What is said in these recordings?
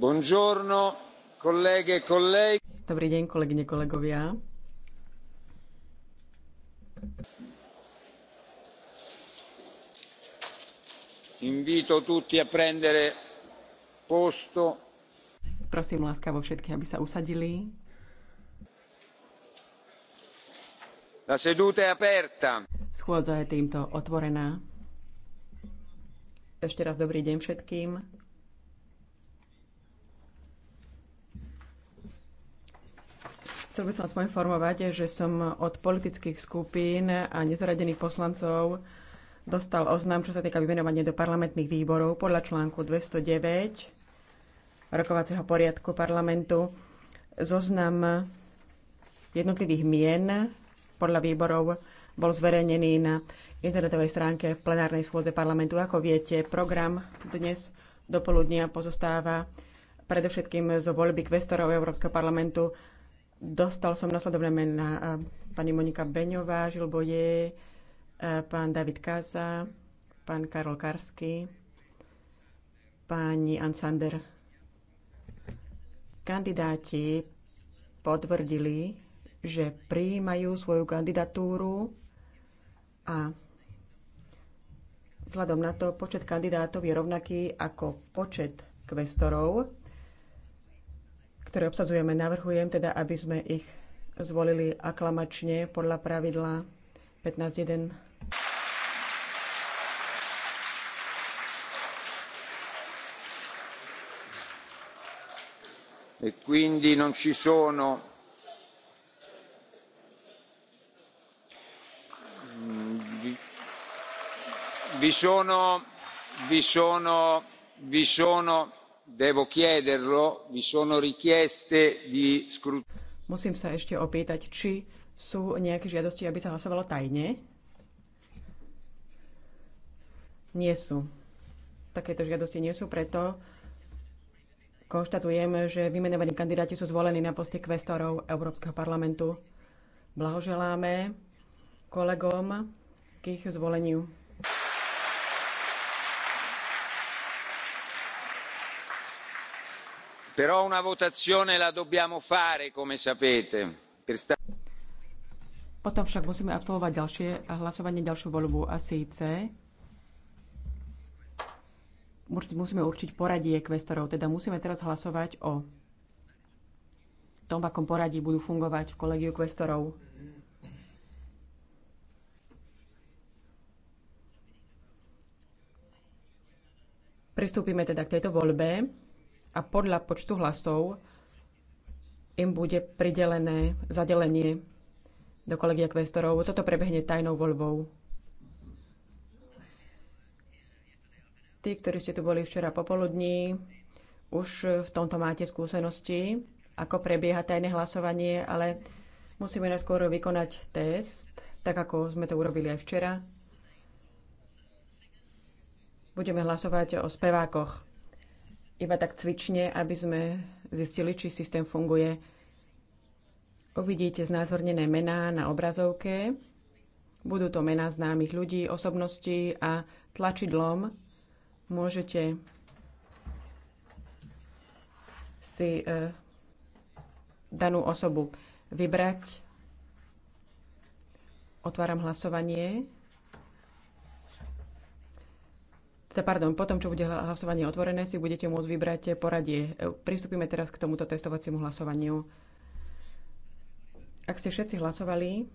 E dobrý deň, kolegyne, kolegovia. Prosím láskavo všetkých, aby sa usadili. Schôdza je týmto otvorená. Ešte raz dobrý deň všetkým. Chcel by som vás poinformovať, že som od politických skupín a nezaradených poslancov dostal oznam, čo sa týka vymenovania do parlamentných výborov podľa článku 209 rokovacieho poriadku parlamentu. Zoznam jednotlivých mien podľa výborov bol zverejnený na internetovej stránke plenárnej schôdze parlamentu. Ako viete, program dnes do poludnia pozostáva predovšetkým zo voľby kvestorov Európskeho parlamentu Dostal som nasledovné mená pani Monika Beňová, Žilboje, pán David Káza, pán Karol Karsky, pani Ansander. Kandidáti potvrdili, že prijímajú svoju kandidatúru a vzhľadom na to počet kandidátov je rovnaký ako počet kvestorov ktoré obsadzujeme. Navrhujem teda, aby sme ich zvolili aklamačne podľa pravidla 15.1. E quindi non ci sono mm, vi sono vi sono vi sono devo chiederlo, vi sono richieste di scrutinio. Musím sa ešte opýtať, či sú nejaké žiadosti, aby sa hlasovalo tajne? Nie sú. Takéto žiadosti nie sú, preto konštatujem, že vymenovaní kandidáti sú zvolení na poste kvestorov Európskeho parlamentu. Blahoželáme kolegom k ich zvoleniu. però una votazione la dobbiamo fare come sapete. Potom však musíme absolvovať ďalšie hlasovanie, ďalšiu voľbu a síce musíme určiť poradie kvestorov, teda musíme teraz hlasovať o tom, v akom poradí budú fungovať v kolegiu kvestorov. Pristúpime teda k tejto voľbe a podľa počtu hlasov im bude pridelené zadelenie do kolegia kvestorov. Toto prebehne tajnou voľbou. Tí, ktorí ste tu boli včera popoludní, už v tomto máte skúsenosti, ako prebieha tajné hlasovanie, ale musíme najskôr vykonať test, tak ako sme to urobili aj včera. Budeme hlasovať o spevákoch iba tak cvične, aby sme zistili, či systém funguje. Uvidíte znázornené mená na obrazovke. Budú to mená známych ľudí, osobností a tlačidlom môžete si e, danú osobu vybrať. Otváram hlasovanie. teda pardon, potom, čo bude hlasovanie otvorené, si budete môcť vybrať poradie. E, pristúpime teraz k tomuto testovaciemu hlasovaniu. Ak ste všetci hlasovali,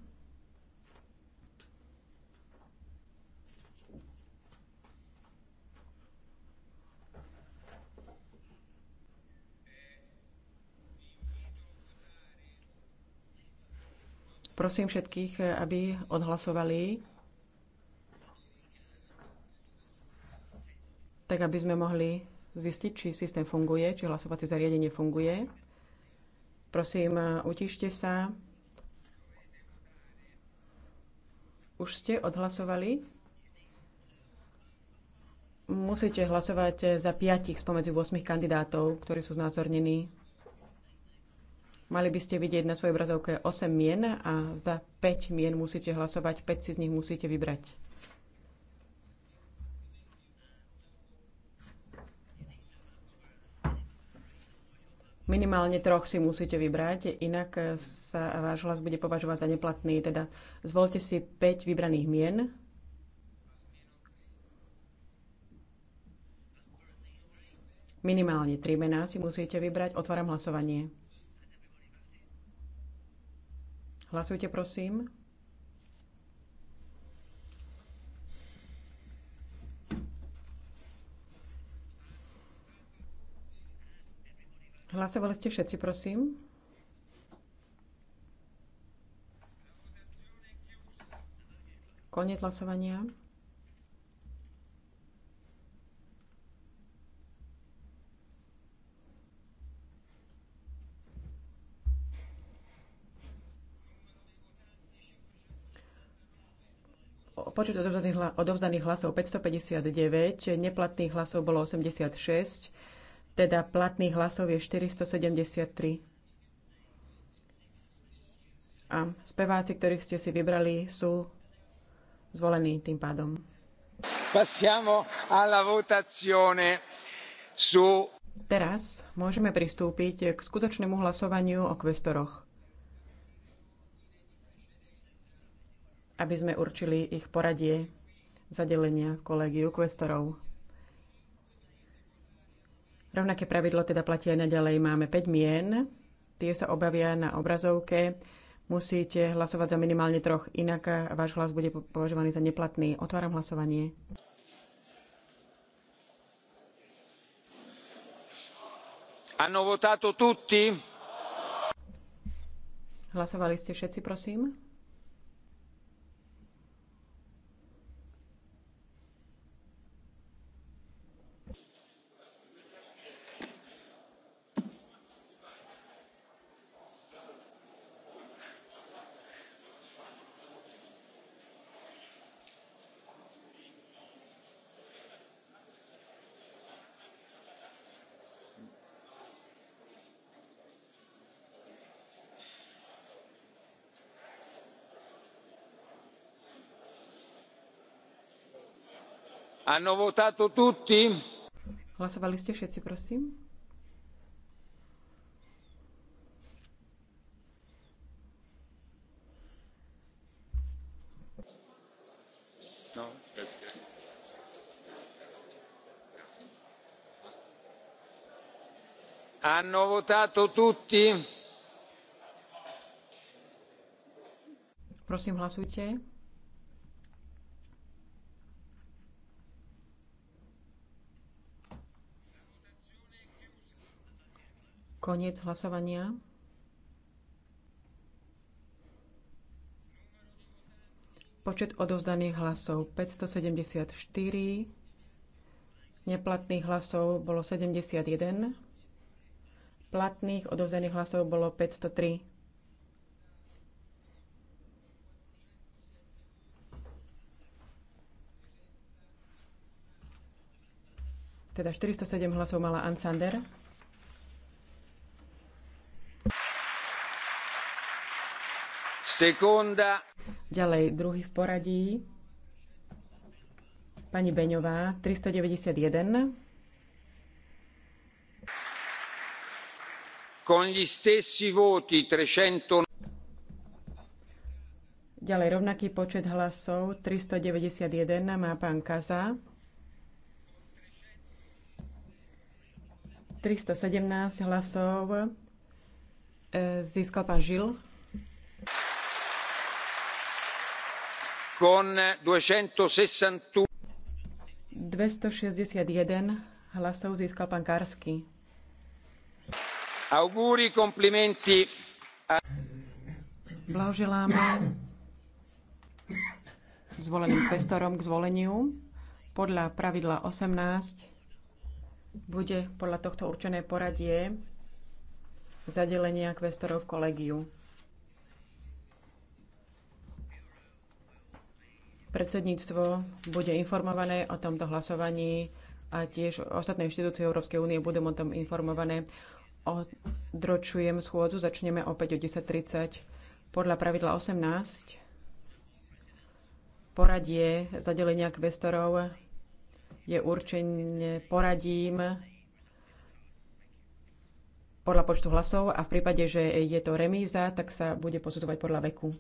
Prosím všetkých, aby odhlasovali tak aby sme mohli zistiť, či systém funguje, či hlasovacie zariadenie funguje. Prosím, e, utište sa. Už ste odhlasovali? Musíte hlasovať za piatich spomedzi 8 kandidátov, ktorí sú znázornení. Mali by ste vidieť na svojej obrazovke 8 mien a za 5 mien musíte hlasovať, 5 si z nich musíte vybrať. Minimálne troch si musíte vybrať, inak sa váš hlas bude považovať za neplatný. Teda zvolte si 5 vybraných mien. Minimálne 3 mená si musíte vybrať. Otváram hlasovanie. Hlasujte, prosím. Hlasovali ste všetci, prosím. Koniec hlasovania. počet odovzdaných, hlasov 559, neplatných hlasov bolo 86, teda platných hlasov je 473. A speváci, ktorých ste si vybrali, sú zvolení tým pádom. Passiamo alla votazione su... Teraz môžeme pristúpiť k skutočnému hlasovaniu o kvestoroch. Aby sme určili ich poradie zadelenia kolegiu kolégiu kvestorov. Rovnaké pravidlo teda platí aj naďalej. Máme 5 mien, tie sa obavia na obrazovke. Musíte hlasovať za minimálne troch, inak váš hlas bude považovaný za neplatný. Otváram hlasovanie. Hanno votato tutti? Hlasovali ste všetci, prosím? Hanno votato tutti? Hlasovali ste všetci, prosím. No. Hanno votato tutti? Prosím, hlasujte. Koniec hlasovania. Počet odovzdaných hlasov 574, neplatných hlasov bolo 71, platných odovzdaných hlasov bolo 503. Teda 407 hlasov mala Ansander. Ďalej, druhý v poradí. Pani Beňová, 391. Con gli stessi voti 300... Ďalej rovnaký počet hlasov, 391 má pán Kaza. 317 hlasov e, získal pán Žil. 261 hlasov získal pán Karsky. Auguri, komplimenti. Blahoželáme zvoleným kvestorom k zvoleniu. Podľa pravidla 18 bude podľa tohto určené poradie zadelenia kvestorov v kolegiu. Predsedníctvo bude informované o tomto hlasovaní a tiež ostatné inštitúcie Európskej únie budú o tom informované. Odročujem schôdzu, začneme opäť o 10.30. Podľa pravidla 18 poradie zadelenia kvestorov je určené poradím podľa počtu hlasov a v prípade, že je to remíza, tak sa bude posudzovať podľa veku.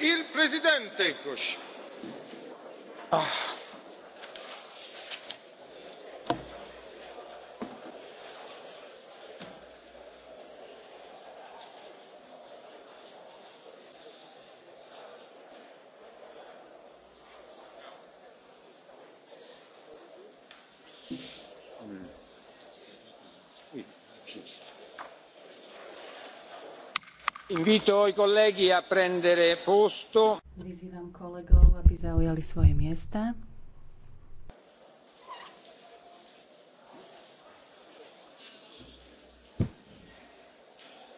il presidente. Invito i colleghi a prendere posto. Vyzývam kolegov, aby zaujali svoje miesta.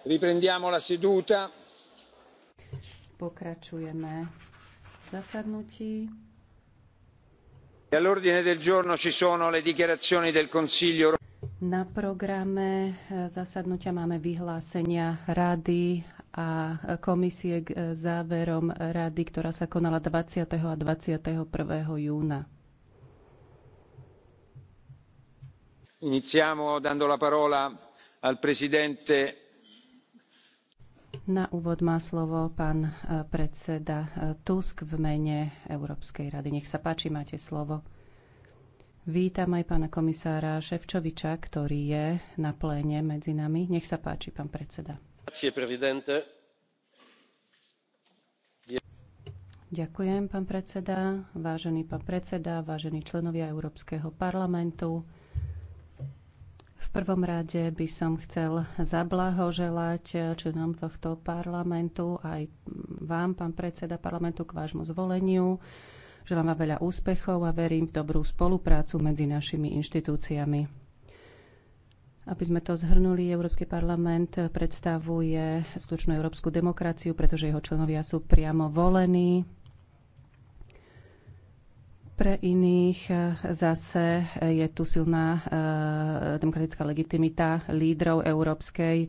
Riprendiamo la seduta. Pokračujeme v zasadnutí. E all'ordine del giorno ci sono le dichiarazioni del Consiglio na programe eh, zasadnutia máme vyhlásenia rady a komisie k e, záverom rady, ktorá sa konala 20. a 21. júna. Iniciamo dando la parola al presidente na úvod má slovo pán e, predseda e, Tusk v mene Európskej rady. Nech sa páči, máte slovo. Vítam aj pána komisára Ševčoviča, ktorý je na pléne medzi nami. Nech sa páči, pán predseda. Ďakujem, pán predseda, vážený pán predseda, vážení členovia Európskeho parlamentu. V prvom rade by som chcel zablahoželať členom tohto parlamentu aj vám, pán predseda parlamentu, k vášmu zvoleniu. Želám vám veľa úspechov a verím v dobrú spoluprácu medzi našimi inštitúciami. Aby sme to zhrnuli, Európsky parlament predstavuje skutočnú európsku demokraciu, pretože jeho členovia sú priamo volení. Pre iných zase je tu silná e, demokratická legitimita lídrov Európskej e,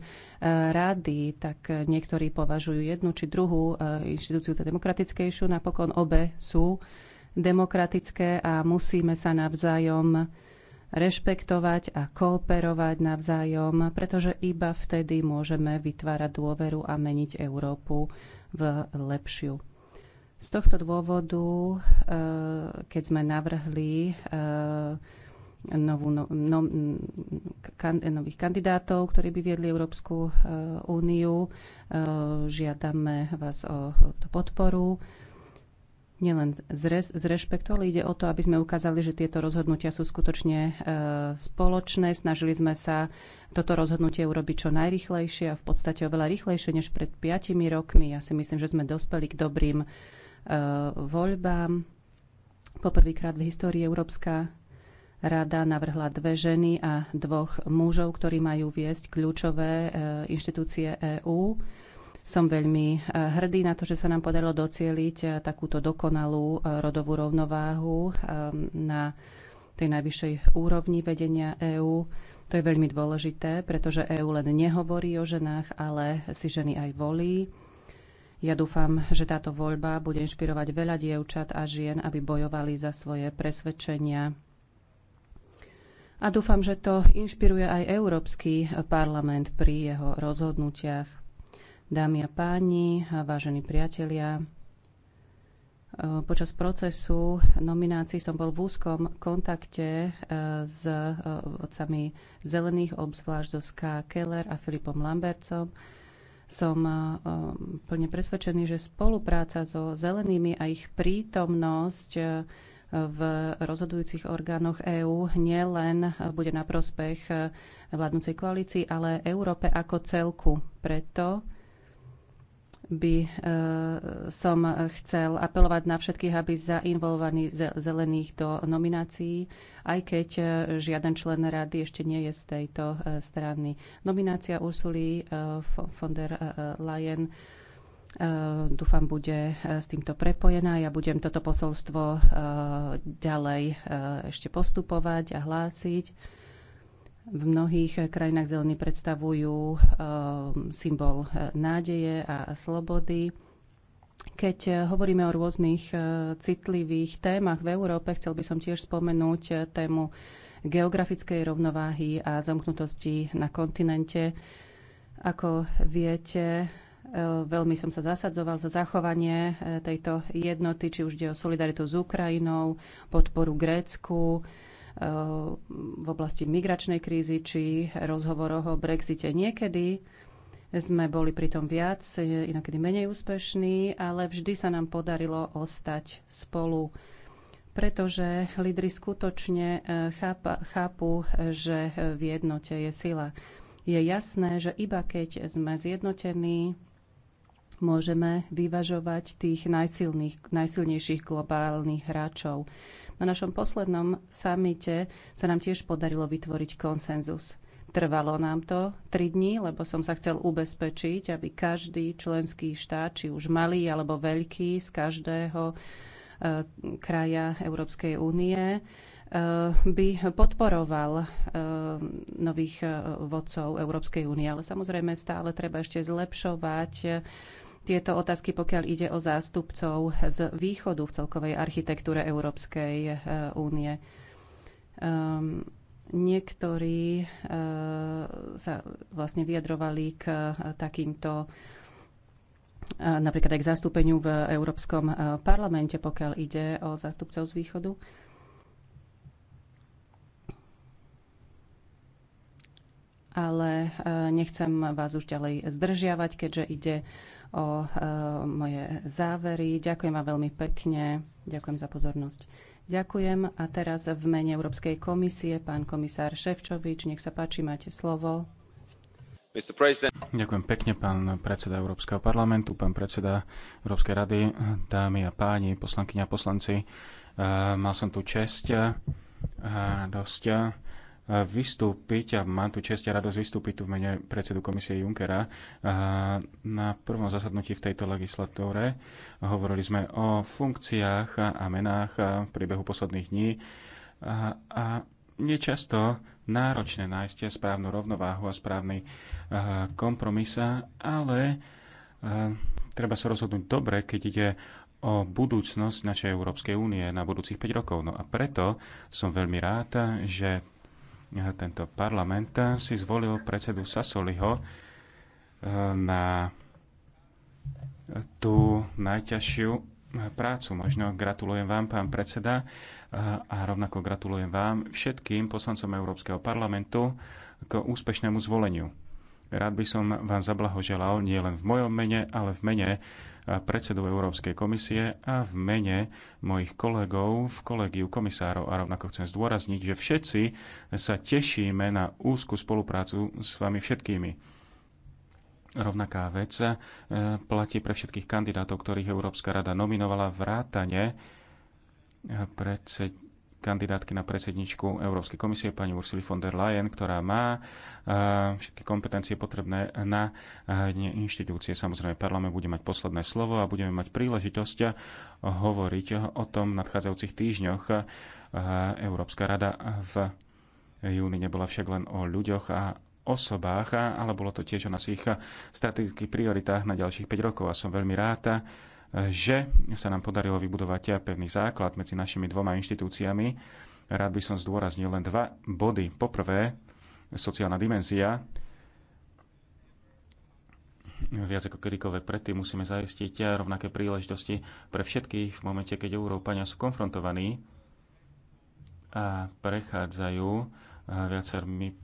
rady, tak niektorí považujú jednu či druhú e, inštitúciu za demokratickejšiu, napokon obe sú demokratické a musíme sa navzájom rešpektovať a kooperovať navzájom, pretože iba vtedy môžeme vytvárať dôveru a meniť Európu v lepšiu. Z tohto dôvodu, e, keď sme navrhli e, novú, no, no, kan, nových kandidátov, ktorí by viedli Európsku e, úniu, žiadame vás o podporu nielen z rešpektu, ale ide o to, aby sme ukázali, že tieto rozhodnutia sú skutočne e, spoločné. Snažili sme sa toto rozhodnutie urobiť čo najrychlejšie a v podstate oveľa rýchlejšie než pred piatimi rokmi. Ja si myslím, že sme dospeli k dobrým e, voľbám. Poprvýkrát v histórii Európska rada navrhla dve ženy a dvoch mužov, ktorí majú viesť kľúčové e, inštitúcie EÚ. Som veľmi e, hrdý na to, že sa nám podarilo docieliť e, takúto dokonalú e, rodovú rovnováhu na tej najvyššej úrovni vedenia EÚ. To je veľmi dôležité, pretože EÚ len nehovorí o ženách, ale si ženy aj volí. Ja dúfam, že táto voľba bude inšpirovať veľa dievčat a žien, aby bojovali za svoje presvedčenia. A dúfam, že to inšpiruje aj Európsky parlament pri jeho rozhodnutiach. Dámy a páni, vážení priatelia, e, Počas procesu nominácií som bol v úzkom kontakte e, s e, odcami zelených, obzvlášť so Ská Keller a Filipom Lambercom. Som plne presvedčený, že spolupráca so zelenými a ich prítomnosť v rozhodujúcich orgánoch EÚ nielen bude na prospech vládnúcej koalícii, ale Európe ako celku. Preto by e, som chcel apelovať na všetkých, aby zainvolvovaní zelených do nominácií, aj keď e, žiaden člen rady ešte nie je z tejto e, strany. Nominácia Ursuly von der Leyen dúfam, bude s týmto prepojená. Ja budem toto posolstvo ďalej ešte postupovať a hlásiť. V mnohých krajinách zelení predstavujú eh, symbol eh, nádeje a slobody. Keď eh, hovoríme o rôznych citlivých témach v Európe, chcel by som tiež spomenúť tému geografickej rovnováhy a zamknutosti na kontinente. Ako viete, veľmi som sa zasadzoval za zachovanie tejto jednoty, či už ide o solidaritu s Ukrajinou, podporu Grécku, v oblasti migračnej krízy či rozhovoroch o Brexite. Niekedy sme boli pritom viac, inokedy menej úspešní, ale vždy sa nám podarilo ostať spolu pretože lídry skutočne e, chápa, chápu, že v jednote je sila. Je jasné, že iba keď sme zjednotení, môžeme vyvažovať tých najsilných, najsilnejších globálnych hráčov. Na našom poslednom samite sa nám tiež podarilo vytvoriť konsenzus. Trvalo nám to tri dní, lebo som sa chcel ubezpečiť, aby každý členský štát, či už malý alebo veľký, z každého e, kraja Európskej únie, e, by podporoval e, nových vodcov Európskej únie. Ale samozrejme stále treba ešte zlepšovať tieto otázky, pokiaľ ide o zástupcov z východu v celkovej architektúre Európskej eh, únie. Um, niektorí uh, sa vlastne vyjadrovali k eh, takýmto napríklad aj k zastúpeniu v Európskom parlamente, pokiaľ ide o zástupcov z východu. Ale nechcem vás už ďalej zdržiavať, keďže ide o e, moje závery. Ďakujem vám veľmi pekne. Ďakujem za pozornosť. Ďakujem. A teraz v mene Európskej komisie pán komisár Ševčovič, nech sa páči, máte slovo. Ďakujem pekne, pán predseda Európskeho parlamentu, pán predseda Európskej rady, dámy a páni, poslankyňa a poslanci. E, mal som tu česť a radosť vystúpiť a mám tu čest a radosť vystúpiť tu v mene predsedu komisie Junckera. Na prvom zasadnutí v tejto legislatúre hovorili sme o funkciách a menách v priebehu posledných dní a, a je často náročné nájsť správnu rovnováhu a správny kompromis, ale treba sa rozhodnúť dobre, keď ide o budúcnosť našej Európskej únie na budúcich 5 rokov. No a preto som veľmi rád, že tento parlament si zvolil predsedu Sasoliho e, na tú najťažšiu prácu. Možno gratulujem vám, pán predseda, e, a rovnako gratulujem vám všetkým poslancom Európskeho parlamentu k úspešnému zvoleniu. Rád by som vám zablahoželal nielen v mojom mene, ale v mene predsedu Európskej komisie a v mene mojich kolegov v kolegiu komisárov a rovnako chcem zdôrazniť, že všetci sa tešíme na úzku spoluprácu s vami všetkými. Rovnaká vec e, platí pre všetkých kandidátov, ktorých Európska rada nominovala vrátane predsed kandidátky na predsedničku Európskej komisie, pani Ursula von der Leyen, ktorá má eh, všetky kompetencie potrebné na eh, inštitúcie. Samozrejme, parlament bude mať posledné slovo a budeme mať príležitosť hovoriť o tom v nadchádzajúcich týždňoch. Eh, Európska rada v júni nebola však len o ľuďoch a osobách, ale bolo to tiež o našich strategických prioritách na ďalších 5 rokov a som veľmi rád, že sa nám podarilo vybudovať pevný základ medzi našimi dvoma inštitúciami. Rád by som zdôraznil len dva body. Poprvé, sociálna dimenzia. Viac ako kedykoľvek predtým musíme zaistiť rovnaké príležitosti pre všetkých v momente, keď Európania sú konfrontovaní a prechádzajú viacerými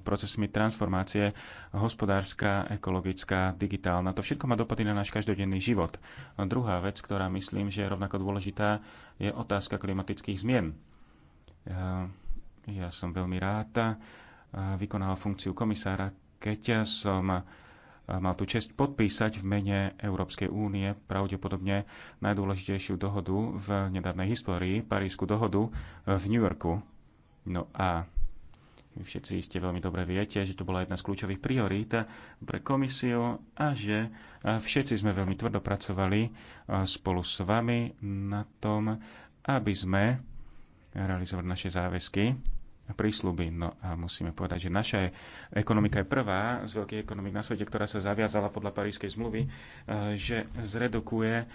procesmi transformácie, hospodárska, ekologická, digitálna. To všetko má dopady na náš každodenný život. A druhá vec, ktorá myslím, že je rovnako dôležitá, je otázka klimatických zmien. Ja som veľmi rád vykonal funkciu komisára, keď som mal tú čest podpísať v mene Európskej únie pravdepodobne najdôležitejšiu dohodu v nedávnej histórii, Parísku dohodu v New Yorku. No a vy všetci ste veľmi dobre viete, že to bola jedna z kľúčových priorít pre komisiu a že e, všetci sme veľmi tvrdo pracovali e, spolu s vami na tom, aby sme realizovali naše záväzky a prísľuby. No a musíme povedať, že naša ekonomika je prvá z veľkých ekonomik na svete, ktorá sa zaviazala podľa Parískej zmluvy, e, že zredukuje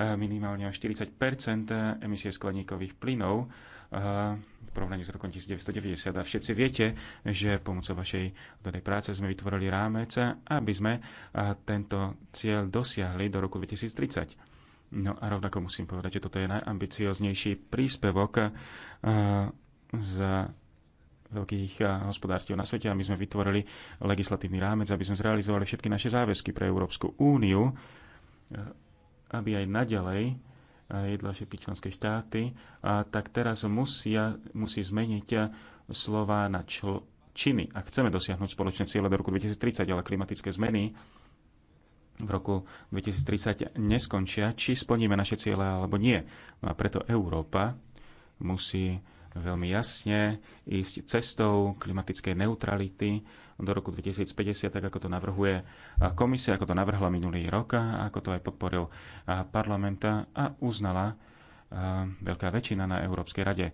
minimálne o 40 emisie skleníkových plynov v porovnaní s rokom 1990. A všetci viete, že pomocou vašej dodej práce sme vytvorili rámec, aby sme tento cieľ dosiahli do roku 2030. No a rovnako musím povedať, že toto je najambicioznejší príspevok z veľkých hospodárstiev na svete a my sme vytvorili legislatívny rámec, aby sme zrealizovali všetky naše záväzky pre Európsku úniu, aby aj naďalej jedla všetky členské štáty, a tak teraz musia, musí zmeniť slova na čl- činy. Ak chceme dosiahnuť spoločné cieľe do roku 2030, ale klimatické zmeny v roku 2030 neskončia, či splníme naše ciele alebo nie. No a preto Európa musí veľmi jasne ísť cestou klimatickej neutrality do roku 2050, tak ako to navrhuje komisia, ako to navrhla minulý rok, ako to aj podporil parlamenta a uznala veľká väčšina na Európskej rade.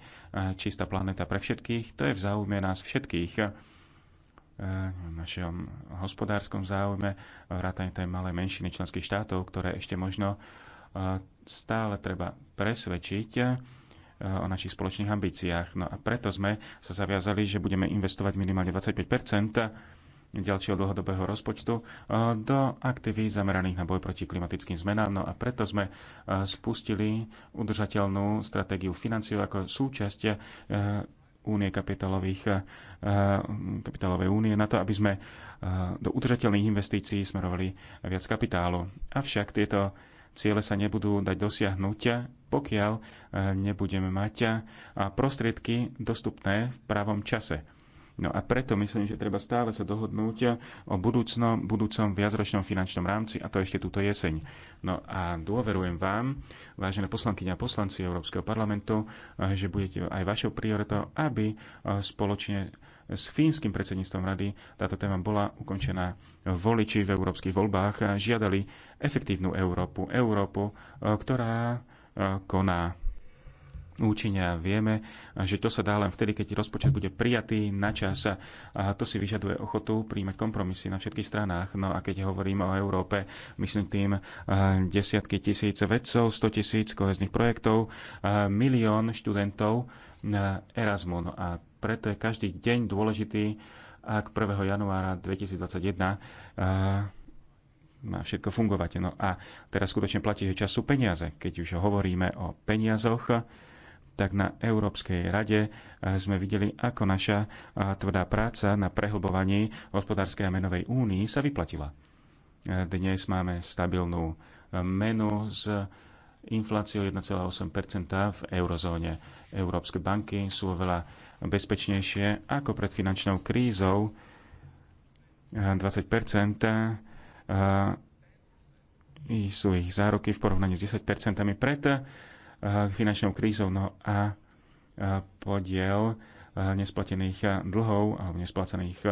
Čistá planéta pre všetkých, to je v záujme nás všetkých v našom hospodárskom záujme, vrátane tej malej menšiny členských štátov, ktoré ešte možno stále treba presvedčiť Eh, o našich spoločných ambíciách. No a preto sme sa zaviazali, že budeme investovať minimálne 25 ďalšieho dlhodobého rozpočtu eh, do aktivít zameraných na boj proti klimatickým zmenám. No a preto sme eh, spustili udržateľnú stratégiu financiu ako súčasť únie kapitálových, kapitálovej únie na to, aby sme do udržateľných investícií smerovali viac kapitálu. Avšak tieto ciele sa nebudú dať dosiahnuť, pokiaľ e, nebudeme mať e, prostriedky dostupné v pravom čase. No a preto myslím, že treba stále sa dohodnúť e, o budúcnom budúcom viacročnom finančnom rámci a to ešte túto jeseň. No a dôverujem vám, vážené poslankyňa a poslanci Európskeho parlamentu, že budete aj vašou prioritou, aby spoločne s fínskym predsedníctvom rady táto téma bola ukončená. Voliči v európskych voľbách žiadali efektívnu Európu, Európu, e, ktorá e, koná účinne a vieme, že to sa dá len vtedy, keď rozpočet bude prijatý na čas a to si vyžaduje ochotu príjmať kompromisy na všetkých stranách. No a keď hovoríme o Európe, myslím tým e, desiatky tisíc vedcov, 100 tisíc kohezných projektov, milión študentov Erasmu. No a preto je každý deň dôležitý, ak 1. januára 2021 eh, má všetko fungovať. No a teraz skutočne platí, že čas sú peniaze. Keď už hovoríme o peniazoch, tak na Európskej rade eh, sme videli, ako naša eh, tvrdá práca na prehlbovaní hospodárskej a menovej únii sa vyplatila. Dnes máme stabilnú menu s infláciou 1,8 v eurozóne. Európske banky sú oveľa bezpečnejšie ako pred finančnou krízou. 20 eh, sú ich záruky v porovnaní s 10 pred eh, finančnou krízou. No a eh, podiel nesplatených dlhov alebo nesplacených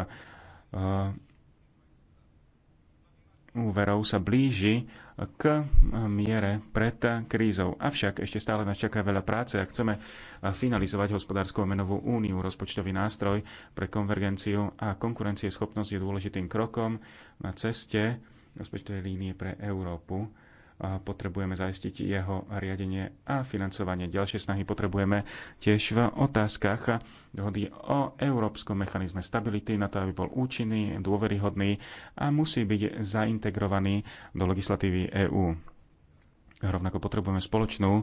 úverov sa blíži k miere pred krízou. Avšak ešte stále nás čaká veľa práce a chceme finalizovať hospodárskú menovú úniu. Rozpočtový nástroj pre konvergenciu a konkurencieschopnosť je dôležitým krokom na ceste rozpočtovej línie pre Európu potrebujeme zaistiť jeho riadenie a financovanie. Ďalšie snahy potrebujeme tiež v otázkach dohody o Európskom mechanizme stability na to, aby bol účinný, dôveryhodný a musí byť zaintegrovaný do legislatívy EÚ. Rovnako potrebujeme spoločnú e,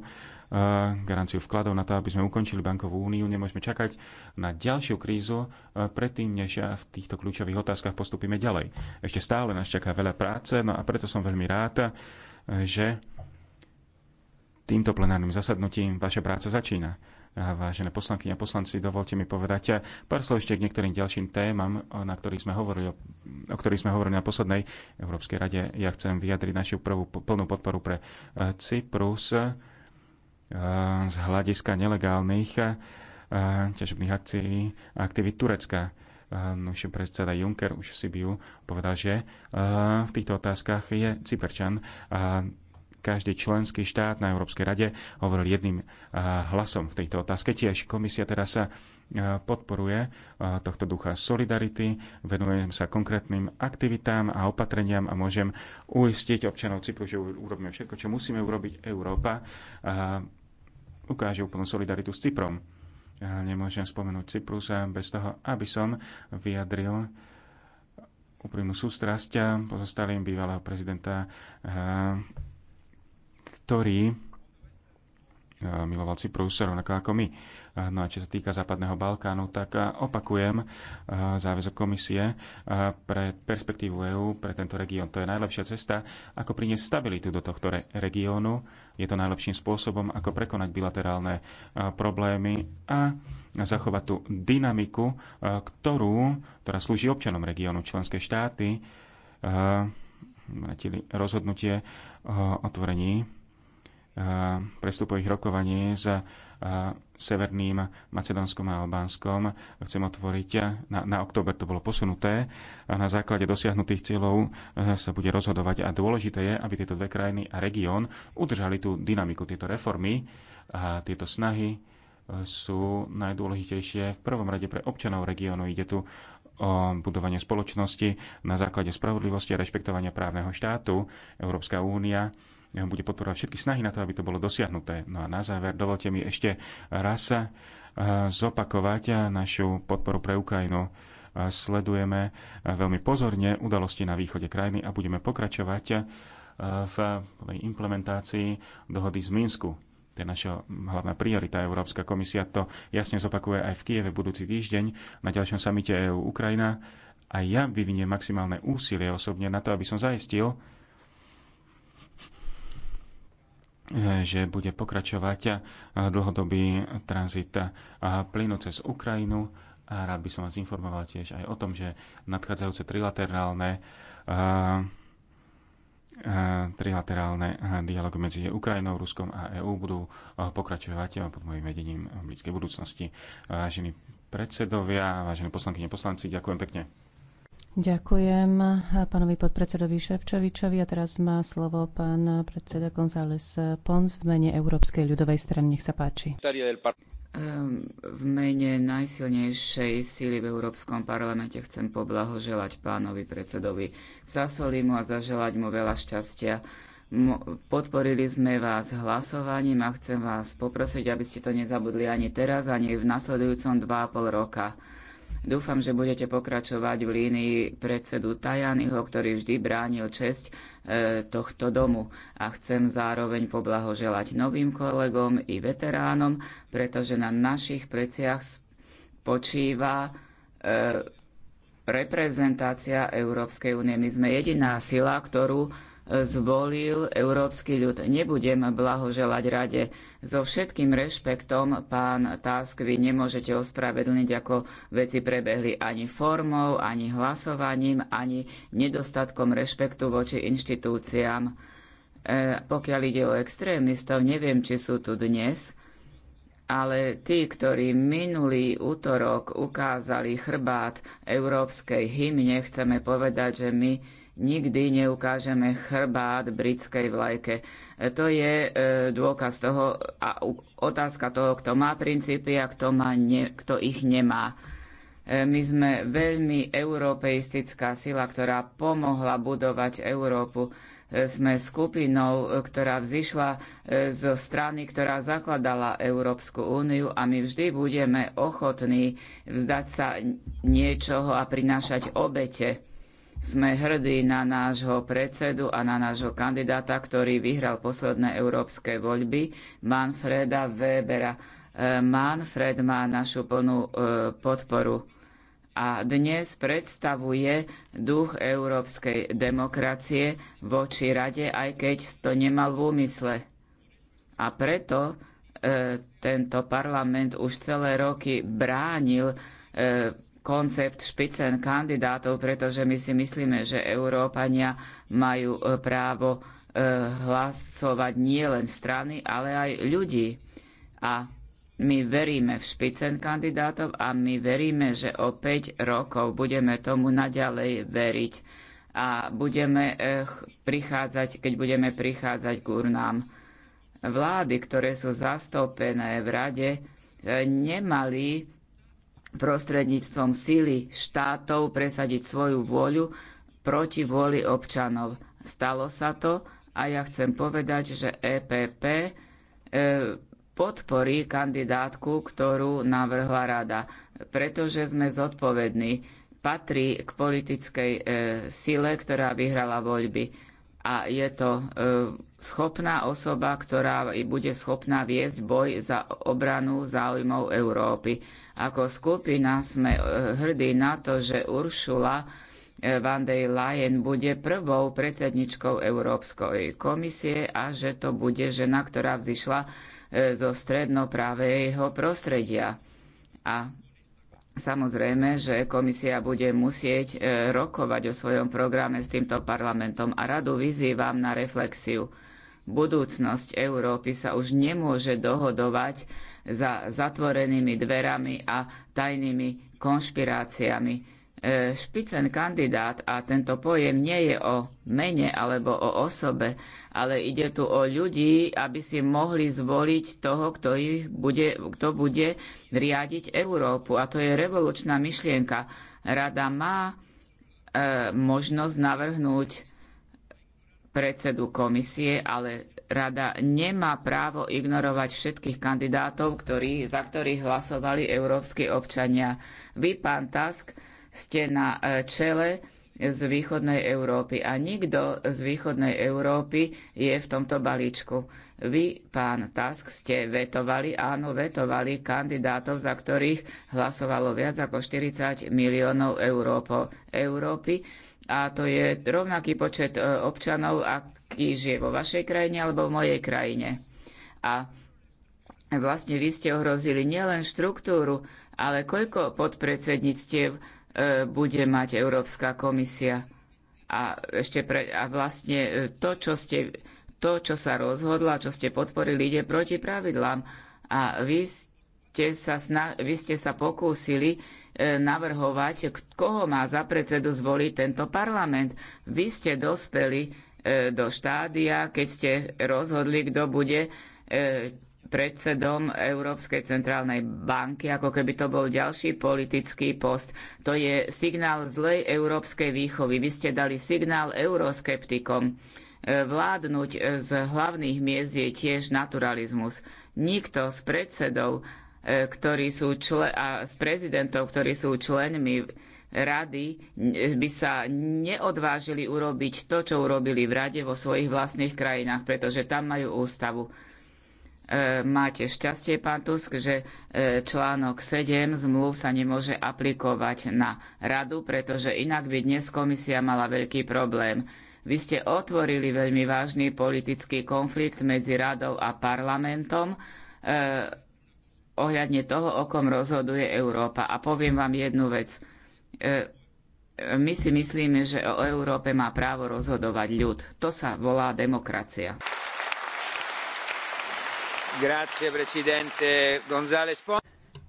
garanciu vkladov na to, aby sme ukončili bankovú úniu. Nemôžeme čakať na ďalšiu krízu e, predtým, než v týchto kľúčových otázkach postupíme ďalej. Ešte stále nás čaká veľa práce, no a preto som veľmi rád, že týmto plenárnym zasadnutím vaša práca začína. Vážené poslanky a poslanci, dovolte mi povedať pár slov ešte k niektorým ďalším témam, na ktorých sme hovorili, o ktorých sme hovorili na poslednej Európskej rade. Ja chcem vyjadriť našu prvú plnú podporu pre eh, Cyprus eh, z hľadiska nelegálnych eh, ťažobných akcií a aktivít Turecka už predseda Juncker už si Sibiu povedal, že eh, v týchto otázkach je Cyperčan každý členský štát na Európskej rade hovoril jedným eh, hlasom v tejto otázke. Tiež komisia teraz sa eh, podporuje tohto ducha solidarity, venujem sa konkrétnym aktivitám a opatreniam a môžem uistiť občanov Cypru, že urobíme všetko, čo musíme urobiť. Európa ukáže úplnú solidaritu s Cyprom nemôžem spomenúť Cyprus bez toho, aby som vyjadril úprimnú sústrasť pozostalým bývalého prezidenta, ktorý miloval Cyprus rovnako ako my. No a čo sa týka Západného Balkánu, tak opakujem záväzok komisie pre perspektívu EÚ pre tento región. To je najlepšia cesta, ako priniesť stabilitu do tohto regiónu je to najlepším spôsobom, ako prekonať bilaterálne e, problémy a zachovať tú dynamiku, e, ktorú, ktorá slúži občanom regiónu. Členské štáty vrátili e, rozhodnutie o otvorení prestupových rokovaní za Severným Macedónskom a Albánskom. Chcem otvoriť, na, na október to bolo posunuté, a na základe dosiahnutých cieľov eh, sa bude rozhodovať a dôležité je, aby tieto dve krajiny a región udržali tú dynamiku, tieto reformy a tieto snahy eh, sú najdôležitejšie v prvom rade pre občanov regiónu. Ide tu o budovanie spoločnosti na základe spravodlivosti a rešpektovania právneho štátu. Európska únia bude podporovať všetky snahy na to, aby to bolo dosiahnuté. No a na záver dovolte mi ešte raz eh, zopakovať eh, našu podporu pre Ukrajinu. Eh, sledujeme veľmi pozorne udalosti na východe krajiny a budeme pokračovať v implementácii dohody z Minsku. To je naša hlavná priorita. Európska komisia to jasne zopakuje aj v Kieve budúci týždeň na ďalšom samite EU-Ukrajina. A ja vyviniem maximálne úsilie osobne na to, aby som zaistil, že bude pokračovať dlhodobý tranzit plynu cez Ukrajinu. A rád by som vás informoval tiež aj o tom, že nadchádzajúce trilaterálne trilaterálne dialógy medzi Ukrajinou, Ruskom a EÚ budú pokračovať pod mojim vedením v blízkej budúcnosti. Vážení predsedovia, vážení poslankyne, poslanci, ďakujem pekne. Ďakujem pánovi podpredsedovi Ševčovičovi a teraz má slovo pán predseda González Pons v mene Európskej ľudovej strany. Nech sa páči. Ehm, v mene najsilnejšej síly v Európskom parlamente chcem poblahoželať pánovi predsedovi Sasolimu a zaželať mu veľa šťastia. Podporili sme vás hlasovaním a chcem vás poprosiť, aby ste to nezabudli ani teraz, ani v nasledujúcom 2,5 roka. Dúfam, že budete pokračovať v línii predsedu Tajanyho, ktorý vždy bránil česť e, tohto domu. A chcem zároveň poblahoželať novým kolegom i veteránom, pretože na našich preciach spočíva e, reprezentácia Európskej únie. My sme jediná sila, ktorú zvolil európsky ľud. Nebudem blahoželať rade. So všetkým rešpektom, pán Tásk, vy nemôžete ospravedlniť, ako veci prebehli ani formou, ani hlasovaním, ani nedostatkom rešpektu voči inštitúciám. E, pokiaľ ide o extrémistov, neviem, či sú tu dnes, ale tí, ktorí minulý útorok ukázali chrbát európskej hymne, chceme povedať, že my nikdy neukážeme chrbát britskej vlajke. E, to je e, dôkaz toho a otázka toho, kto má princípy a kto, má ne, kto ich nemá. E, my sme veľmi europeistická sila, ktorá pomohla budovať Európu. sme skupinou, ktorá vzýšla zo strany, ktorá zakladala Európsku úniu a my vždy budeme ochotní vzdať sa niečoho a prinášať obete sme hrdí na nášho predsedu a na nášho kandidáta, ktorý vyhral posledné európske voľby, Manfreda Webera. E, Manfred má našu plnú e, podporu a dnes predstavuje duch európskej demokracie voči rade, aj keď to nemal v úmysle. A preto e, tento parlament už celé roky bránil e, koncept špicen kandidátov, pretože my si myslíme, že Európania majú e, právo e, hlasovať nielen len strany, ale aj ľudí. A my veríme v špicen kandidátov a my veríme, že o 5 rokov budeme tomu naďalej veriť a budeme e, prichádzať, keď budeme prichádzať k urnám. Vlády, ktoré sú zastúpené v rade, nemali prostredníctvom síly štátov presadiť svoju vôľu proti vôli občanov. Stalo sa to a ja chcem povedať, že EPP e, podporí kandidátku, ktorú navrhla rada, pretože sme zodpovední. Patrí k politickej e, sile, ktorá vyhrala voľby a je to e, schopná osoba, ktorá bude schopná viesť boj za obranu záujmov Európy. Ako skupina sme e, hrdí na to, že Uršula e, van der Leyen bude prvou predsedničkou Európskej komisie a že to bude žena, ktorá vzýšla zo jeho prostredia. A Samozrejme, že komisia bude musieť e, rokovať o svojom programe s týmto parlamentom a radu vyzývam na reflexiu. Budúcnosť Európy sa už nemôže dohodovať za zatvorenými dverami a tajnými konšpiráciami E, špicen kandidát a tento pojem nie je o mene alebo o osobe, ale ide tu o ľudí, aby si mohli zvoliť toho, kto, ich bude, kto bude riadiť Európu. A to je revolučná myšlienka. Rada má e, možnosť navrhnúť predsedu komisie, ale rada nemá právo ignorovať všetkých kandidátov, ktorí, za ktorých hlasovali európsky občania. Vy, pán Tusk, ste na e, čele z východnej Európy a nikto z východnej Európy je v tomto balíčku. Vy, pán Tusk, ste vetovali, áno, vetovali kandidátov, za ktorých hlasovalo viac ako 40 miliónov Európo, Európy a to je rovnaký počet e, občanov, aký žije vo vašej krajine alebo v mojej krajine. A vlastne vy ste ohrozili nielen štruktúru, ale koľko podpredsedníctiev E, bude mať Európska komisia. A, ešte pre, a vlastne e, to čo, ste, to, čo sa rozhodla, čo ste podporili, ide proti pravidlám. A vy ste sa, sna- vy ste sa pokúsili e, navrhovať, koho má za predsedu zvoliť tento parlament. Vy ste dospeli do štádia, keď ste rozhodli, kto bude predsedom Európskej centrálnej banky, ako keby to bol ďalší politický post. To je signál zlej európskej výchovy. Vy ste dali signál euroskeptikom. E, vládnuť z hlavných miest je tiež naturalizmus. Nikto z predsedov e, ktorí sú a z prezidentov, ktorí sú členmi rady, by sa neodvážili urobiť to, čo urobili v rade vo svojich vlastných krajinách, pretože tam majú ústavu. E, máte šťastie, pán Tusk, že e, článok 7 zmluv sa nemôže aplikovať na radu, pretože inak by dnes komisia mala veľký problém. Vy ste otvorili veľmi vážny politický konflikt medzi radou a parlamentom e, ohľadne toho, o kom rozhoduje Európa. A poviem vám jednu vec. my si myslíme, že o Európe má právo rozhodovať ľud. To sa volá demokracia.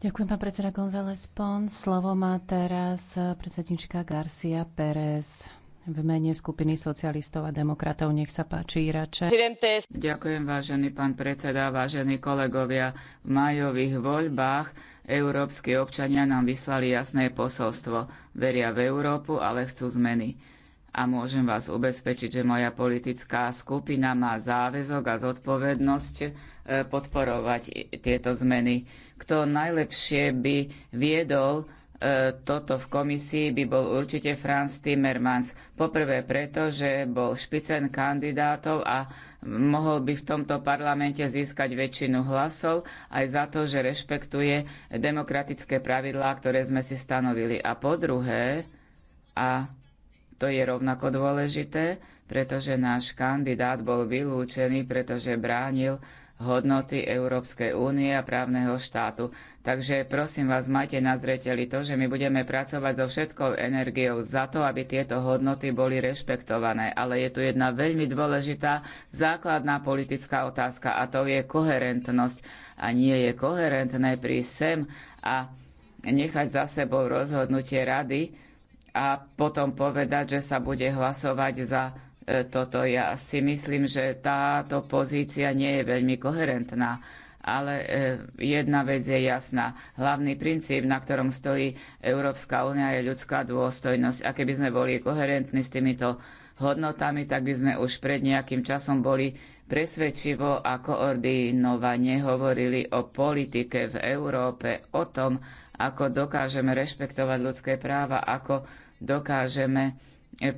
Ďakujem, pán predseda González Pons. Slovo má teraz predsednička Garcia Pérez v mene skupiny socialistov a demokratov. Nech sa páči, Irače. Ďakujem, vážený pán predseda, vážení kolegovia. V majových voľbách európsky občania nám vyslali jasné posolstvo. Veria v Európu, ale chcú zmeny a môžem vás ubezpečiť, že moja politická skupina má záväzok a zodpovednosť e, podporovať tieto zmeny. Kto najlepšie by viedol e, toto v komisii by bol určite Franz Timmermans. Poprvé preto, že bol špicen kandidátov a mohol by v tomto parlamente získať väčšinu hlasov aj za to, že rešpektuje demokratické pravidlá, ktoré sme si stanovili. A po druhé, a to je rovnako dôležité, pretože náš kandidát bol vylúčený, pretože bránil hodnoty Európskej únie a právneho štátu. Takže prosím vás, majte na zreteli to, že my budeme pracovať so všetkou energiou za to, aby tieto hodnoty boli rešpektované. Ale je tu jedna veľmi dôležitá základná politická otázka a to je koherentnosť. A nie je koherentné prísť sem a nechať za sebou rozhodnutie rady, a potom povedať, že sa bude hlasovať za e, toto. Ja si myslím, že táto pozícia nie je veľmi koherentná. Ale e, jedna vec je jasná. Hlavný princíp, na ktorom stojí Európska únia, je ľudská dôstojnosť. A keby sme boli koherentní s týmito hodnotami, tak by sme už pred nejakým časom boli presvedčivo a koordinovane hovorili o politike v Európe, o tom, ako dokážeme rešpektovať ľudské práva, ako dokážeme e,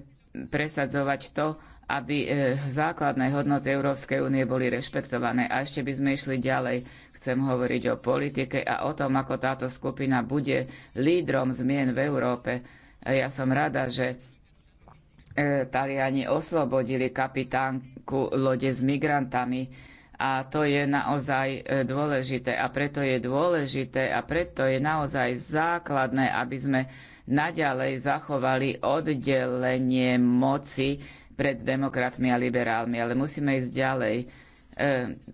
presadzovať to, aby e, základné hodnoty Európskej únie boli rešpektované. A ešte by sme išli ďalej. Chcem hovoriť o politike a o tom, ako táto skupina bude lídrom zmien v Európe. Ja som rada, že e, Taliani oslobodili kapitánku lode s migrantami a to je naozaj e, dôležité a preto je dôležité a preto je naozaj základné, aby sme naďalej zachovali oddelenie moci pred demokratmi a liberálmi. Ale musíme ísť ďalej e,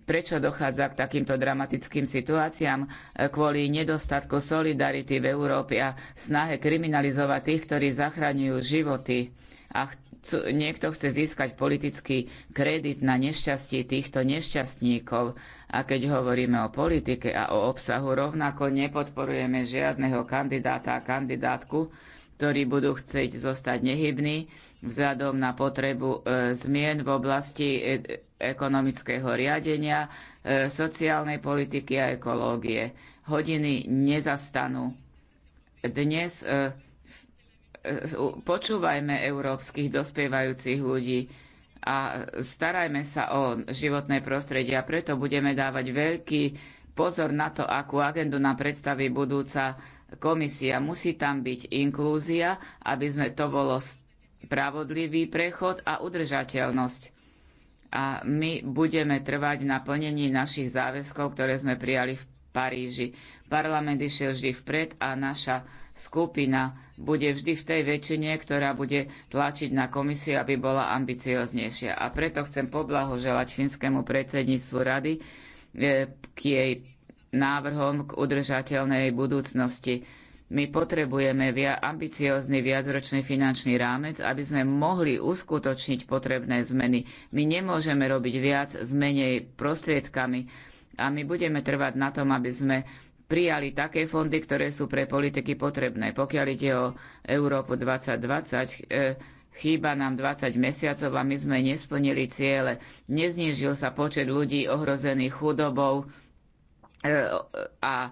prečo dochádza k takýmto dramatickým situáciám e, kvôli nedostatku solidarity v Európe a snahe kriminalizovať tých, ktorí zachraňujú životy. A niekto chce získať politický kredit na nešťastie týchto nešťastníkov. A keď hovoríme o politike a o obsahu, rovnako nepodporujeme žiadneho kandidáta a kandidátku, ktorí budú chcieť zostať nehybní vzhľadom na potrebu e, zmien v oblasti e, ekonomického riadenia, e, sociálnej politiky a ekológie. Hodiny nezastanú. Dnes počúvajme európskych dospievajúcich ľudí a starajme sa o životné prostredie a preto budeme dávať veľký pozor na to, akú agendu nám predstaví budúca komisia. Musí tam byť inklúzia, aby sme to bolo spravodlivý prechod a udržateľnosť. A my budeme trvať na plnení našich záväzkov, ktoré sme prijali v Paríži. Parlament išiel vždy vpred a naša skupina bude vždy v tej väčšine, ktorá bude tlačiť na komisiu, aby bola ambicioznejšia. A preto chcem poblahoželať finskému predsedníctvu rady e, k jej návrhom k udržateľnej budúcnosti. My potrebujeme via ambiciózny viacročný finančný rámec, aby sme mohli uskutočniť potrebné zmeny. My nemôžeme robiť viac s menej prostriedkami a my budeme trvať na tom, aby sme prijali také fondy, ktoré sú pre politiky potrebné. Pokiaľ ide o Európu 2020, e, chýba nám 20 mesiacov a my sme nesplnili ciele. Neznížil sa počet ľudí ohrozených chudobou e, a e,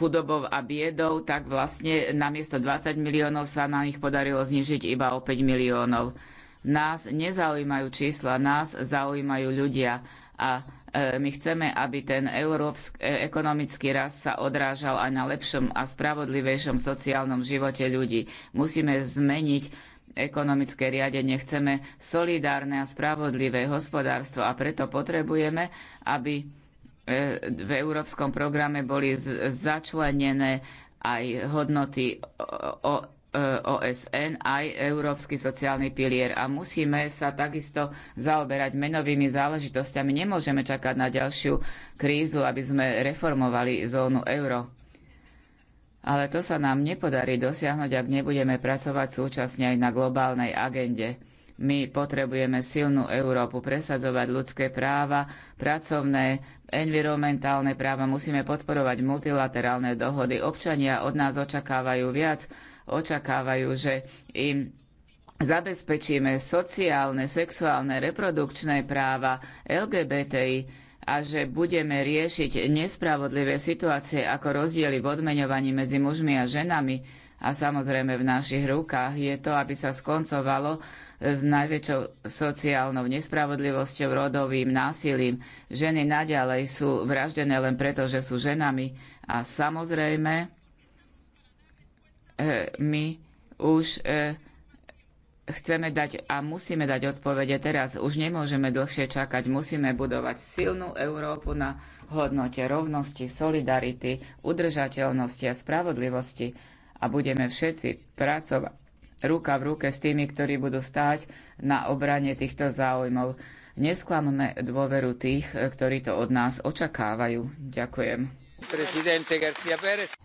chudobou a biedou, tak vlastne namiesto 20 miliónov sa na nich podarilo znižiť iba o 5 miliónov. Nás nezaujímajú čísla, nás zaujímajú ľudia. A E, my chceme, aby ten e, ekonomický rast sa odrážal aj na lepšom a spravodlivejšom sociálnom živote ľudí. Musíme zmeniť ekonomické riadenie, chceme solidárne a spravodlivé hospodárstvo a preto potrebujeme, aby e, v európskom programe boli začlenené aj hodnoty o OSN aj Európsky sociálny pilier. A musíme sa takisto zaoberať menovými záležitosťami. Nemôžeme čakať na ďalšiu krízu, aby sme reformovali zónu euro. Ale to sa nám nepodarí dosiahnuť, ak nebudeme pracovať súčasne aj na globálnej agende. My potrebujeme silnú Európu, presadzovať ľudské práva, pracovné, environmentálne práva, musíme podporovať multilaterálne dohody. Občania od nás očakávajú viac očakávajú, že im zabezpečíme sociálne, sexuálne, reprodukčné práva LGBTI a že budeme riešiť nespravodlivé situácie ako rozdiely v odmeňovaní medzi mužmi a ženami. A samozrejme v našich rukách je to, aby sa skoncovalo s najväčšou sociálnou nespravodlivosťou, rodovým násilím. Ženy naďalej sú vraždené len preto, že sú ženami. A samozrejme, E, my už e, chceme dať a musíme dať odpovede teraz. Už nemôžeme dlhšie čakať. Musíme budovať silnú Európu na hodnote rovnosti, solidarity, udržateľnosti a spravodlivosti. A budeme všetci pracovať ruka v ruke s tými, ktorí budú stáť na obrane týchto záujmov. Nesklamme dôveru tých, ktorí to od nás očakávajú. Ďakujem.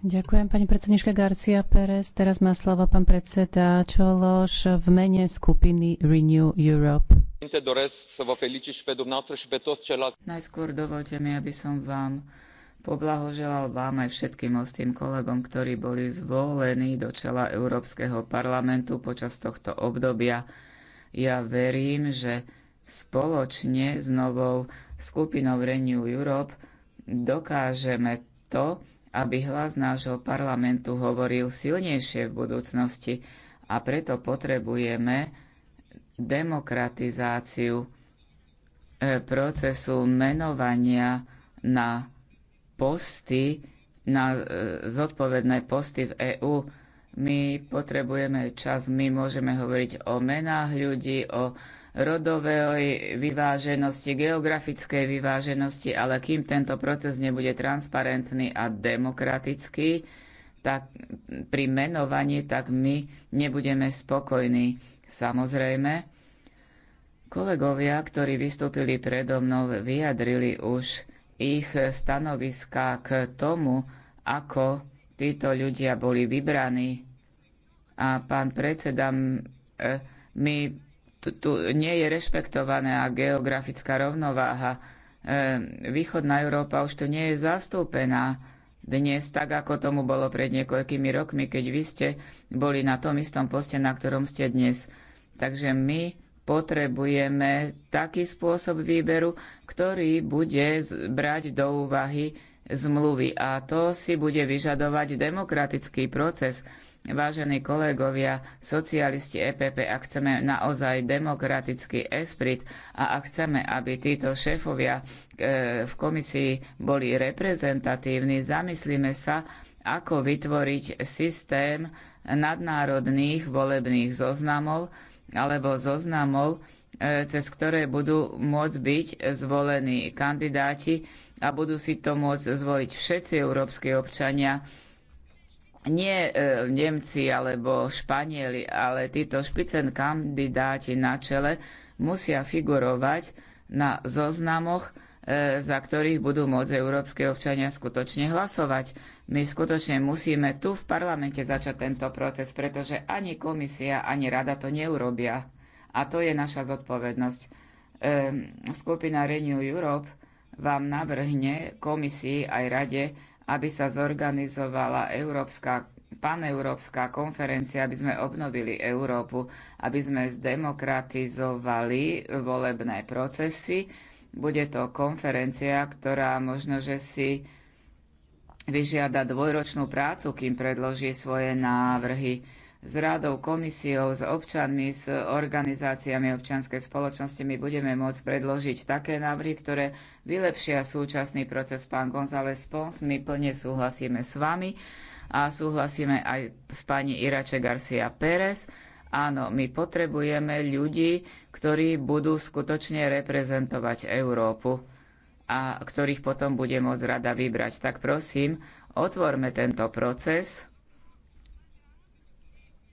Ďakujem pani predsednička Garcia Pérez. Teraz má slovo pán predseda Čološ v mene skupiny Renew Europe. Najskôr dovolte mi, aby som vám poblahoželal vám aj všetkým ostým kolegom, ktorí boli zvolení do čela Európskeho parlamentu počas tohto obdobia. Ja verím, že spoločne s novou skupinou Renew Europe dokážeme to, aby hlas nášho parlamentu hovoril silnejšie v budúcnosti a preto potrebujeme demokratizáciu e, procesu menovania na posty, na e, zodpovedné posty v EÚ. My potrebujeme čas, my môžeme hovoriť o menách ľudí, o rodovej vyváženosti, geografickej vyváženosti, ale kým tento proces nebude transparentný a demokratický, tak pri menovaní, tak my nebudeme spokojní. Samozrejme, kolegovia, ktorí vystúpili predo mnou, vyjadrili už ich stanoviská k tomu, ako títo ľudia boli vybraní. A pán predseda, e, my tu nie je rešpektovaná geografická rovnováha. E, východná Európa už tu nie je zastúpená dnes, tak ako tomu bolo pred niekoľkými rokmi, keď vy ste boli na tom istom poste, na ktorom ste dnes. Takže my potrebujeme taký spôsob výberu, ktorý bude brať do úvahy zmluvy. A to si bude vyžadovať demokratický proces Vážení kolegovia, socialisti EPP, ak chceme naozaj demokratický esprit a ak chceme, aby títo šéfovia e, v komisii boli reprezentatívni, zamyslíme sa, ako vytvoriť systém nadnárodných volebných zoznamov alebo zoznamov, e, cez ktoré budú môcť byť zvolení kandidáti a budú si to môcť zvoliť všetci európsky občania nie e, Nemci alebo Španieli, ale títo špicen kandidáti na čele musia figurovať na zoznamoch, e, za ktorých budú môcť európske občania skutočne hlasovať. My skutočne musíme tu v parlamente začať tento proces, pretože ani komisia, ani rada to neurobia. A to je naša zodpovednosť. E, skupina Renew Europe vám navrhne komisii aj rade aby sa zorganizovala európska, paneurópska konferencia, aby sme obnovili Európu, aby sme zdemokratizovali volebné procesy. Bude to konferencia, ktorá možno, že si vyžiada dvojročnú prácu, kým predloží svoje návrhy s radou, komisiou, s občanmi, s organizáciami občianskej spoločnosti my budeme môcť predložiť také návrhy, ktoré vylepšia súčasný proces. Pán González Pons, my plne súhlasíme s vami a súhlasíme aj s pani Irače Garcia Pérez. Áno, my potrebujeme ľudí, ktorí budú skutočne reprezentovať Európu a ktorých potom bude môcť rada vybrať. Tak prosím, otvorme tento proces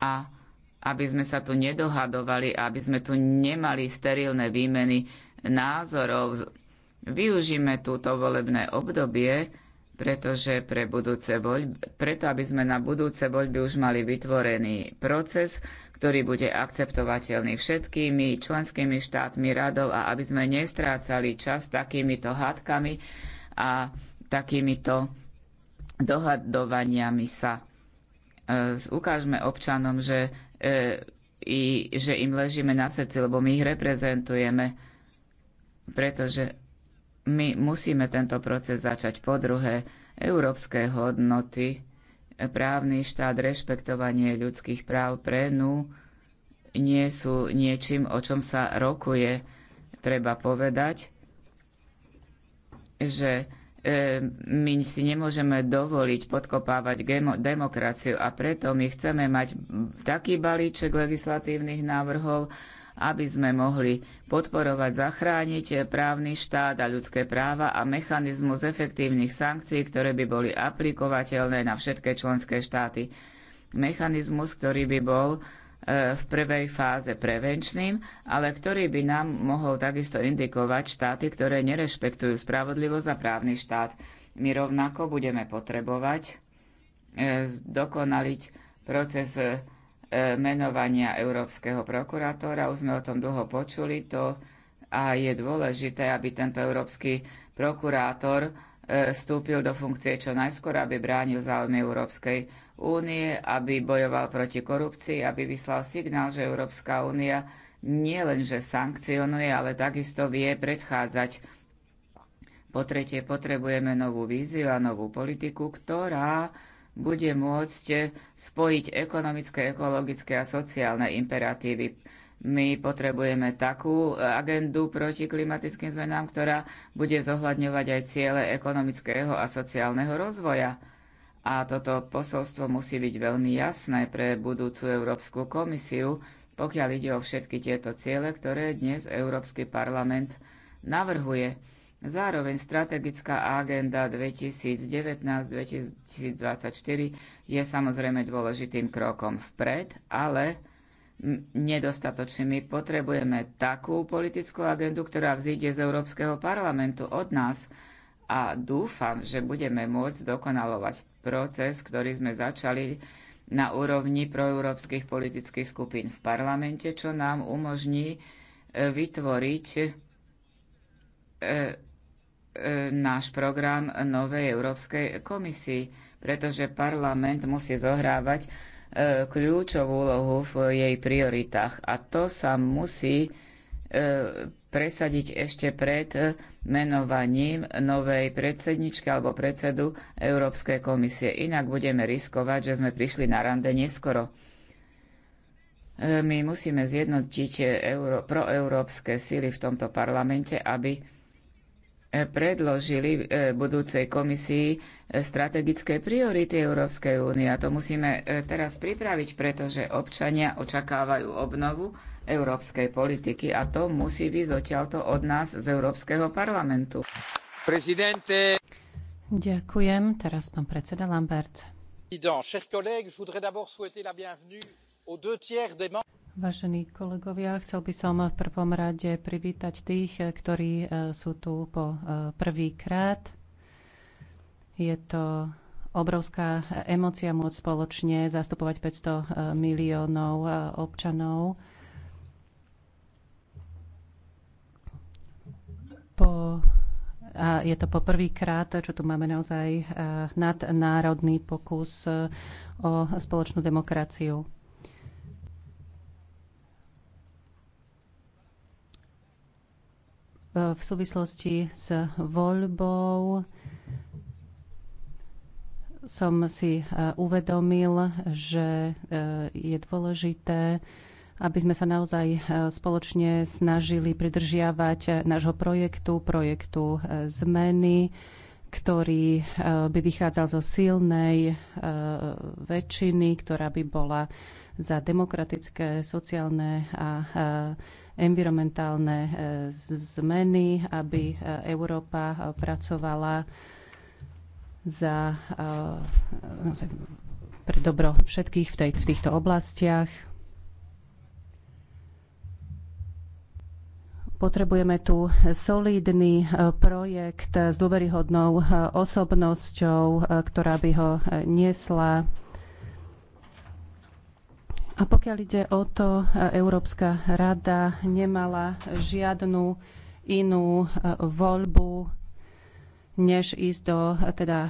a aby sme sa tu nedohadovali, aby sme tu nemali sterilné výmeny názorov. Využíme túto volebné obdobie, pretože pre budúce voľby, preto aby sme na budúce voľby už mali vytvorený proces, ktorý bude akceptovateľný všetkými členskými štátmi radov a aby sme nestrácali čas takýmito hádkami a takýmito dohadovaniami sa. E, ukážme občanom, že, e, i, že im ležíme na srdci, lebo my ich reprezentujeme, pretože my musíme tento proces začať. Po druhé, európske hodnoty, právny štát, rešpektovanie ľudských práv pre nú nie sú niečím, o čom sa rokuje. Treba povedať, že E, my si nemôžeme dovoliť podkopávať demokraciu a preto my chceme mať taký balíček legislatívnych návrhov, aby sme mohli podporovať, zachrániť právny štát a ľudské práva a mechanizmus efektívnych sankcií, ktoré by boli aplikovateľné na všetky členské štáty. Mechanizmus, ktorý by bol E, v prvej fáze prevenčným, ale ktorý by nám mohol takisto indikovať štáty, ktoré nerešpektujú spravodlivosť a právny štát. My rovnako budeme potrebovať e, zdokonaliť proces e, menovania európskeho prokurátora. Už sme o tom dlho počuli to a je dôležité, aby tento európsky prokurátor vstúpil do funkcie čo najskôr, aby bránil záujmy Európskej únie, aby bojoval proti korupcii, aby vyslal signál, že Európska únia nie len, že sankcionuje, ale takisto vie predchádzať. Po tretie, potrebujeme novú víziu a novú politiku, ktorá bude môcť spojiť ekonomické, ekologické a sociálne imperatívy. My potrebujeme takú agendu proti klimatickým zmenám, ktorá bude zohľadňovať aj ciele ekonomického a sociálneho rozvoja. A toto posolstvo musí byť veľmi jasné pre budúcu Európsku komisiu, pokiaľ ide o všetky tieto ciele, ktoré dnes Európsky parlament navrhuje. Zároveň strategická agenda 2019-2024 je samozrejme dôležitým krokom vpred, ale nedostatočne My potrebujeme takú politickú agendu, ktorá vzíde z Európskeho parlamentu od nás, a dúfam, že budeme môcť dokonalovať proces, ktorý sme začali na úrovni proeurópskych politických skupín v parlamente, čo nám umožní e, vytvoriť e, e, náš program Novej Európskej komisii, pretože parlament musí zohrávať kľúčovú úlohu v jej prioritách. A to sa musí presadiť ešte pred eh, menovaním novej predsedničky alebo predsedu Európskej komisie. Inak budeme riskovať, že sme prišli na rande neskoro. Eh, my musíme zjednotiť eh, euro, proeurópske síly v tomto parlamente, aby predložili e, budúcej komisii e, strategické priority Európskej únie. A to musíme e, teraz pripraviť, pretože občania očakávajú obnovu európskej politiky a to musí byť zatiaľto od nás z Európskeho parlamentu. Prezidente. Ďakujem. Teraz pán predseda Lambert. Vážení kolegovia, chcel by som v prvom rade privítať tých, ktorí e, sú tu po e, prvýkrát. Je to obrovská emocia môcť spoločne zastupovať 500 e, miliónov občanov. Po, a je to po prvýkrát, čo tu máme naozaj nadnárodný pokus o spoločnú demokraciu. v súvislosti s voľbou som si e, uvedomil, že e, je dôležité, aby sme sa naozaj e, spoločne snažili pridržiavať nášho projektu, projektu zmeny, ktorý by vychádzal zo silnej väčšiny, ktorá by bola za demokratické, sociálne a environmentálne e, zmeny, aby e, Európa e, pracovala za pre dobro všetkých v, tej, v týchto oblastiach. Potrebujeme tu solidný projekt s dôveryhodnou osobnosťou, ktorá by ho niesla. A pokiaľ ide o to, e, Európska rada nemala žiadnu inú e, voľbu, než ísť do e, teda,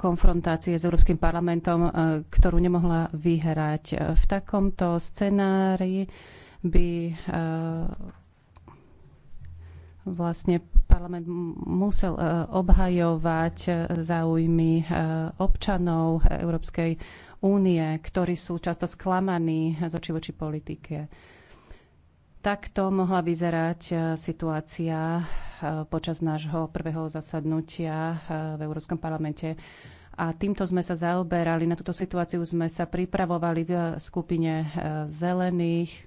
konfrontácie s Európskym parlamentom, ktorú nemohla vyhrať. V takomto scenári by vlastne parlament musel obhajovať záujmy občanov Európskej únie, ktorí sú často sklamaní z oči voči politike. Takto mohla vyzerať e, situácia e, počas nášho prvého zasadnutia e, v Európskom parlamente. A týmto sme sa zaoberali, na túto situáciu sme sa pripravovali v skupine zelených.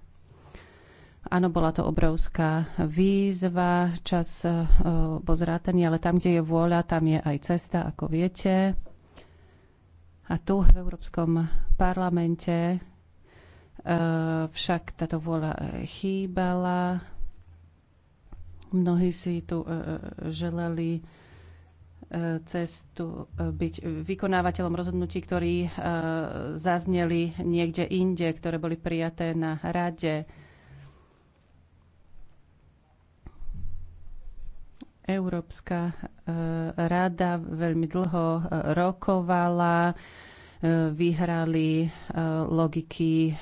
Áno, bola to obrovská výzva, čas pozrátený, ale tam, kde je vôľa, tam je aj cesta, ako viete. A tu v Európskom parlamente e, však táto vôľa e, chýbala. Mnohí si tu e, želeli cestu byť vykonávateľom rozhodnutí, ktorí zazneli niekde inde, ktoré boli prijaté na rade. Európska e, rada veľmi dlho e, rokovala, e, vyhrali logiky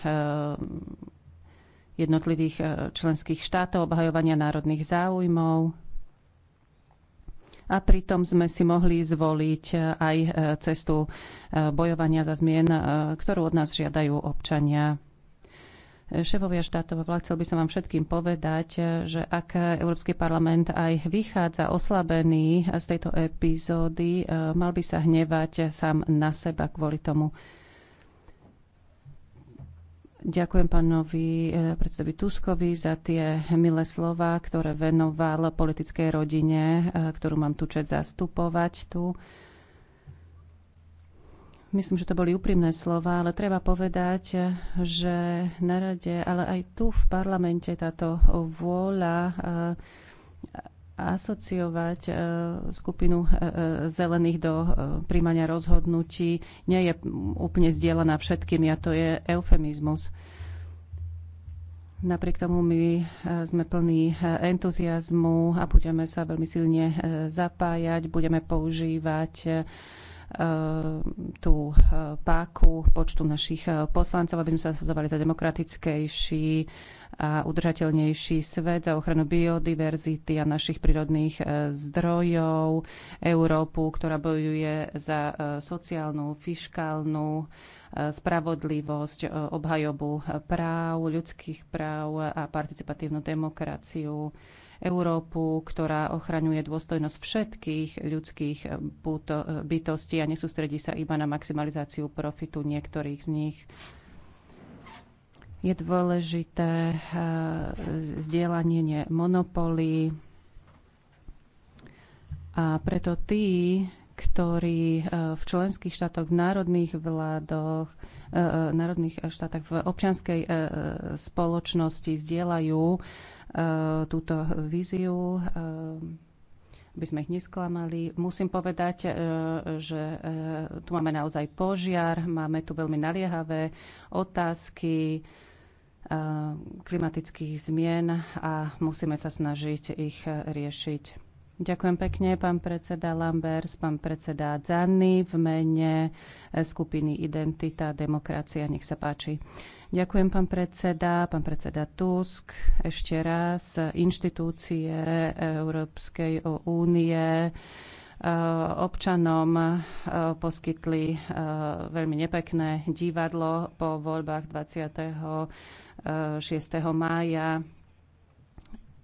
jednotlivých členských štátov, obhajovania národných záujmov. A pritom sme si mohli zvoliť aj cestu bojovania za zmien, ktorú od nás žiadajú občania šéfovia štátov chcel by som vám všetkým povedať, že ak Európsky parlament aj vychádza oslabený z tejto epizódy, eh, mal by sa hnevať sám na seba kvôli tomu. Ďakujem pánovi eh, predsedovi Tuskovi za tie milé slova, ktoré venoval politickej rodine, eh, ktorú mám tu čest zastupovať tu. Myslím, že to boli úprimné slova, ale treba povedať, že na rade, ale aj tu v parlamente táto vôľa eh, asociovať eh, skupinu eh, zelených do príjmania rozhodnutí nie je úplne zdieľaná všetkými a to je eufemizmus. Napriek tomu my sme plní entuziasmu a budeme sa veľmi silne zapájať, budeme používať Eh, tú eh, páku počtu našich eh, poslancov, aby sme sa zasadzovali za demokratickejší a udržateľnejší svet, za ochranu biodiverzity a našich prírodných zdrojov, Európu, ktorá bojuje za sociálnu, fiskálnu spravodlivosť, obhajobu práv, ľudských práv a participatívnu demokraciu Európu, ktorá ochraňuje dôstojnosť všetkých ľudských bytostí a nesústredí sa iba na maximalizáciu profitu niektorých z nich je dôležité eh, zdieľanie nie monopolí. A preto tí, ktorí eh, v členských štátoch, v národných vládoch, eh, v národných štátoch v občianskej spoločnosti zdieľajú Eh, túto víziu, eh, aby sme ich nesklamali. Musím povedať, eh, že tu máme naozaj požiar, máme tu veľmi naliehavé otázky klimatických zmien a musíme sa snažiť ich riešiť. Ďakujem pekne, pán predseda Lambers, pán predseda Zanny v mene skupiny Identita, Demokracia. Nech sa páči. Ďakujem, pán predseda, pán predseda Tusk. Ešte raz inštitúcie Európskej únie e, občanom e, poskytli e, veľmi nepekné divadlo po voľbách 26. mája,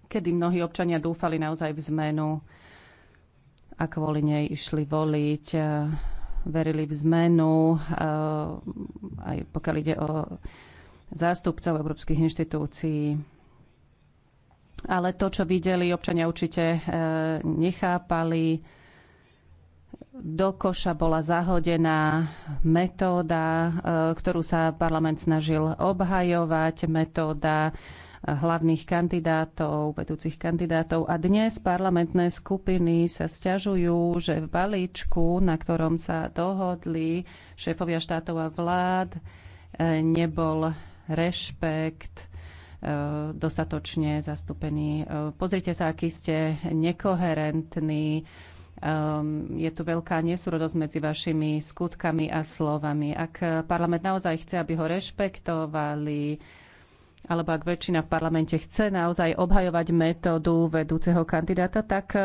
kedy mnohí občania dúfali naozaj v zmenu a kvôli nej išli voliť. Verili v zmenu, aj pokiaľ ide o zástupcov európskych inštitúcií. Ale to, čo videli, občania určite e, nechápali. Do koša bola zahodená metóda, e, ktorú sa parlament snažil obhajovať, metóda e, hlavných kandidátov, vedúcich kandidátov. A dnes parlamentné skupiny sa stiažujú, že v balíčku, na ktorom sa dohodli šéfovia štátov a vlád, nebol rešpekt, e, dostatočne zastúpení. E, pozrite sa, aký ste nekoherentní. E, je tu veľká nesúrodosť medzi vašimi skutkami a slovami. Ak parlament naozaj chce, aby ho rešpektovali, alebo ak väčšina v parlamente chce naozaj obhajovať metódu vedúceho kandidáta, tak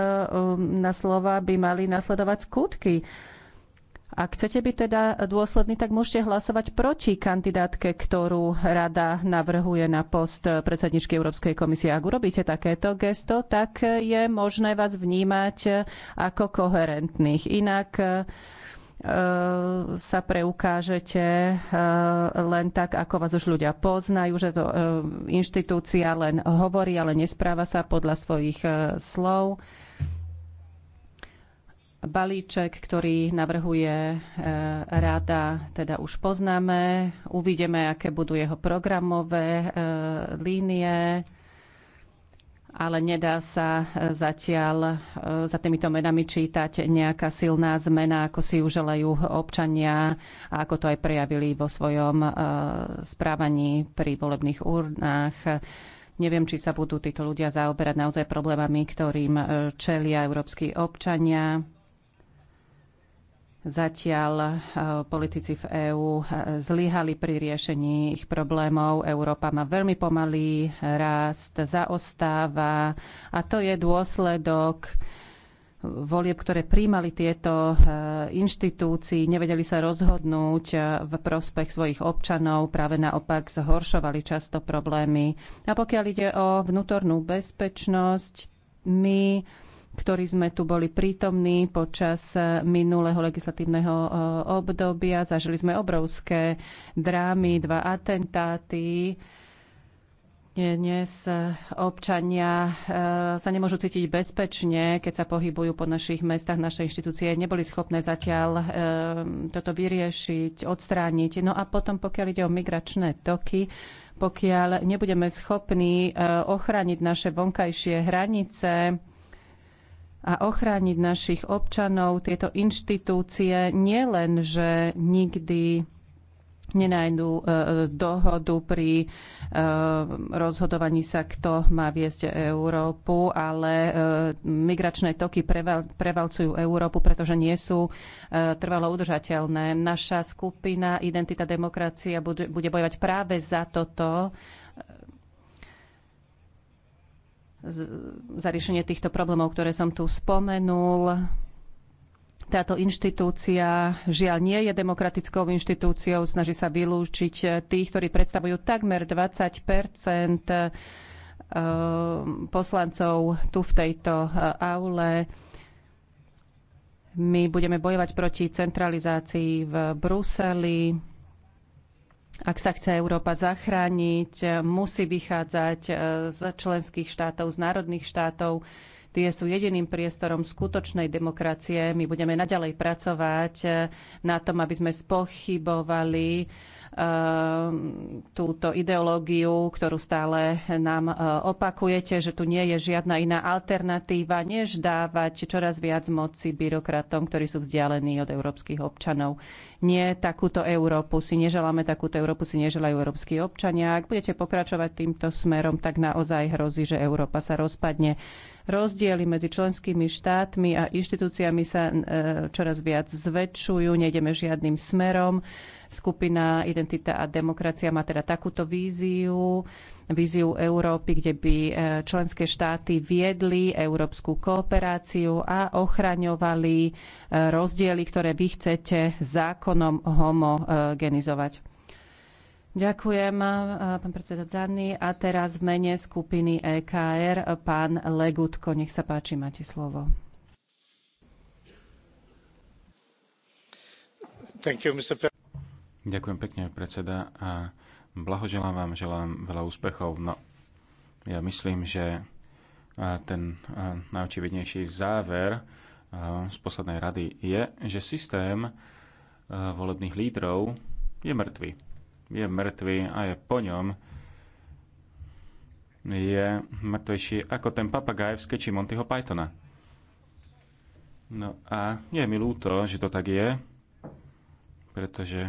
na slova by mali nasledovať skutky. Ak chcete byť teda dôslední, tak môžete hlasovať proti kandidátke, ktorú rada navrhuje na post predsedničky Európskej komisie. Ak urobíte takéto gesto, tak je možné vás vnímať ako koherentných. Inak e, sa preukážete e, len tak, ako vás už ľudia poznajú, že to e, inštitúcia len hovorí, ale nespráva sa podľa svojich slov balíček, ktorý navrhuje e, rada, teda už poznáme. Uvidíme, aké budú jeho programové e, línie, ale nedá sa e, zatiaľ za týmito menami čítať nejaká silná zmena, ako si ju želajú občania a ako to aj prejavili vo svojom správaní pri volebných urnách. Neviem, či sa budú títo ľudia zaoberať naozaj problémami, ktorým čelia európsky občania Zatiaľ e, politici v EÚ e, zlyhali pri riešení ich problémov. Európa má veľmi pomalý rast, zaostáva a to je dôsledok volieb, ktoré príjmali tieto e, inštitúcii, nevedeli sa rozhodnúť v prospech svojich občanov, práve naopak zhoršovali často problémy. A pokiaľ ide o vnútornú bezpečnosť, my ktorí sme tu boli prítomní počas minulého legislatívneho e, obdobia. Zažili sme obrovské drámy, dva atentáty. Dnes občania e, sa nemôžu cítiť bezpečne, keď sa pohybujú po našich mestách. Naše inštitúcie neboli schopné zatiaľ e, toto vyriešiť, odstrániť. No a potom, pokiaľ ide o migračné toky, pokiaľ nebudeme schopní ochrániť naše vonkajšie hranice, a ochrániť našich občanov. Tieto inštitúcie nielen, že nikdy e, dohodu pri e, rozhodovaní sa, kto má viesť Európu, ale e, migračné toky prevalcujú Európu, pretože nie sú e, trvalo udržateľné. Naša skupina Identita demokracia bude bojovať práve za toto, za riešenie týchto problémov, ktoré som tu spomenul. Táto inštitúcia žiaľ nie je demokratickou inštitúciou, snaží sa vylúčiť tých, ktorí predstavujú takmer 20 eh, poslancov tu v tejto eh, aule. My budeme bojovať proti centralizácii v Bruseli ak sa chce Európa zachrániť, musí vychádzať e, z členských štátov, z národných štátov. Tie sú jediným priestorom skutočnej demokracie. My budeme naďalej pracovať e, na tom, aby sme spochybovali Ehm, túto ideológiu, ktorú stále nám e, opakujete, že tu nie je žiadna iná alternatíva, než dávať čoraz viac moci byrokratom, ktorí sú vzdialení od európskych občanov. Nie takúto Európu si neželáme, takúto Európu si neželajú európsky občania. Ak budete pokračovať týmto smerom, tak naozaj hrozí, že Európa sa rozpadne. Rozdiely medzi členskými štátmi a inštitúciami sa e, čoraz viac zväčšujú, nejdeme žiadnym smerom. Skupina Identita a demokracia má teda takúto víziu, víziu Európy, kde by e, členské štáty viedli európsku kooperáciu a ochraňovali e, rozdiely, ktoré vy chcete zákonom homogenizovať. Ďakujem, e, pán predseda Zanny. A teraz v mene skupiny EKR pán Legutko. Nech sa páči, máte slovo. Thank you, Mr. Ďakujem pekne, predseda, a blahoželám vám, želám veľa úspechov. No, ja myslím, že ten najočividnejší záver z poslednej rady je, že systém volebných lídrov je mŕtvy. Je mŕtvy a je po ňom je mŕtvejší ako ten papagaj v skeči Montyho Pythona. No a je mi ľúto, že to tak je, pretože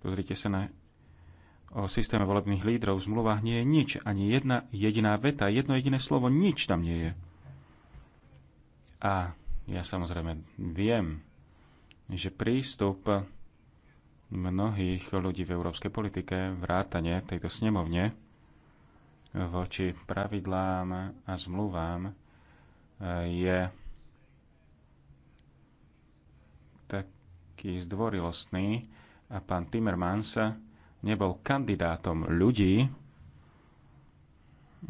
Pozrite sa na o systéme volebných lídrov v zmluvách nie je nič, ani jedna jediná veta, jedno jediné slovo, nič tam nie je. A ja samozrejme viem, že prístup mnohých ľudí v európskej politike, vrátane tejto snemovne, voči pravidlám a zmluvám e, je taký zdvorilostný, a pán Timmermans nebol kandidátom ľudí,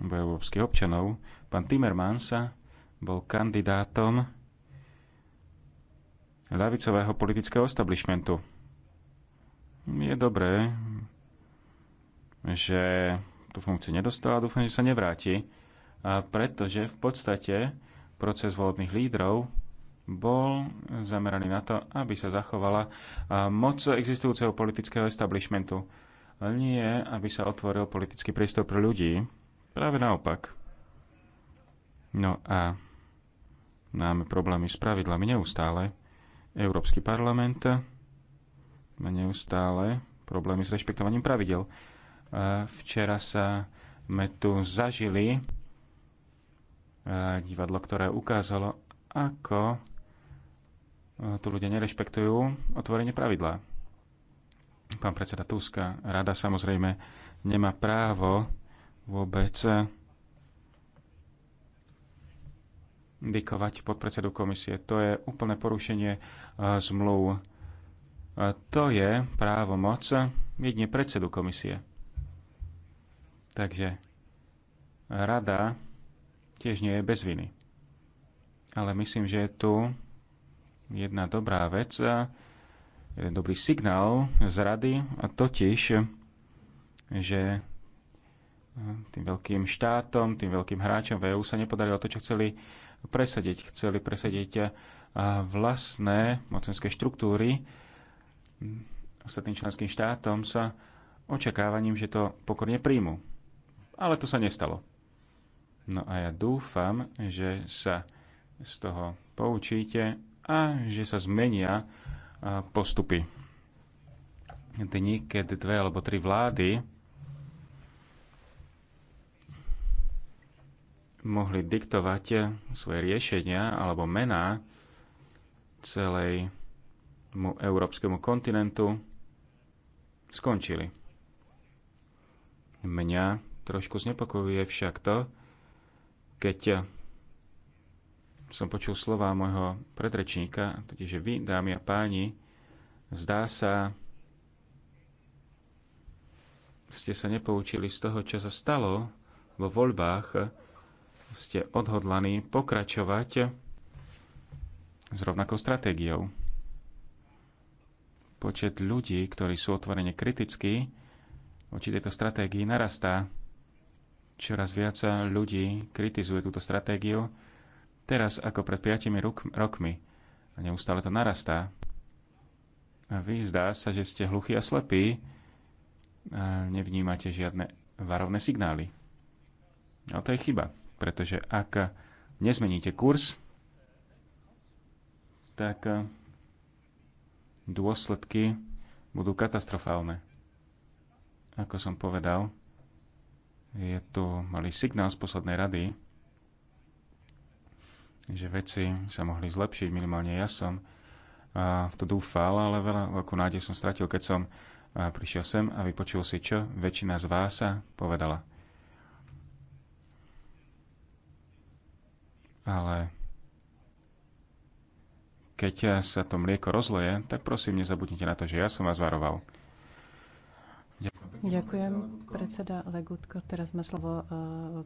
európskych občanov, pán Timmermans bol kandidátom ľavicového politického establishmentu. Je dobré, že tú funkciu nedostal a dúfam, že sa nevráti, a pretože v podstate proces volebných lídrov bol zameraný na to, aby sa zachovala moc existujúceho politického establishmentu. Nie, aby sa otvoril politický priestor pre ľudí. Práve naopak. No a máme problémy s pravidlami neustále. Európsky parlament má neustále problémy s rešpektovaním pravidel. Včera sa sme tu zažili divadlo, ktoré ukázalo, ako tu ľudia nerešpektujú otvorenie pravidlá. Pán predseda Tuska, rada samozrejme nemá právo vôbec indikovať podpredsedu komisie. To je úplné porušenie e, zmluv. E, to je právo moc jedne predsedu komisie. Takže rada tiež nie je bez viny. Ale myslím, že je tu jedna dobrá vec, jeden dobrý signál z rady, a totiž, že tým veľkým štátom, tým veľkým hráčom v EU sa nepodarilo to, čo chceli presadiť. Chceli presadiť vlastné mocenské štruktúry. Ostatným členským štátom sa očakávaním, že to pokorne príjmu. Ale to sa nestalo. No a ja dúfam, že sa z toho poučíte a že sa zmenia postupy. Dni, keď dve alebo tri vlády mohli diktovať e, svoje riešenia alebo mená celej európskemu kontinentu, skončili. Mňa trošku znepokojuje však to, keď som počul slova môjho predrečníka, totiž vy, dámy a páni, zdá sa, ste sa nepoučili z toho, čo sa stalo vo voľbách, ste odhodlaní pokračovať s rovnakou stratégiou. Počet ľudí, ktorí sú otvorene kritickí voči tejto stratégii narastá. Čoraz viac ľudí kritizuje túto stratégiu, teraz ako pred 5 rokmi. A neustále to narastá. A vy zdá sa, že ste hluchí a slepí a nevnímate žiadne varovné signály. Ale to je chyba, pretože ak nezmeníte kurz, tak dôsledky budú katastrofálne. Ako som povedal, je tu malý signál z poslednej rady, že veci sa mohli zlepšiť, minimálne ja som v to dúfal, ale veľa veľkú nádej som stratil, keď som prišiel sem a vypočul si, čo väčšina z vás sa povedala. Ale keď sa to mlieko rozleje, tak prosím nezabudnite na to, že ja som vás varoval. Ďakujem. predseda Legutko. Teraz má slovo e,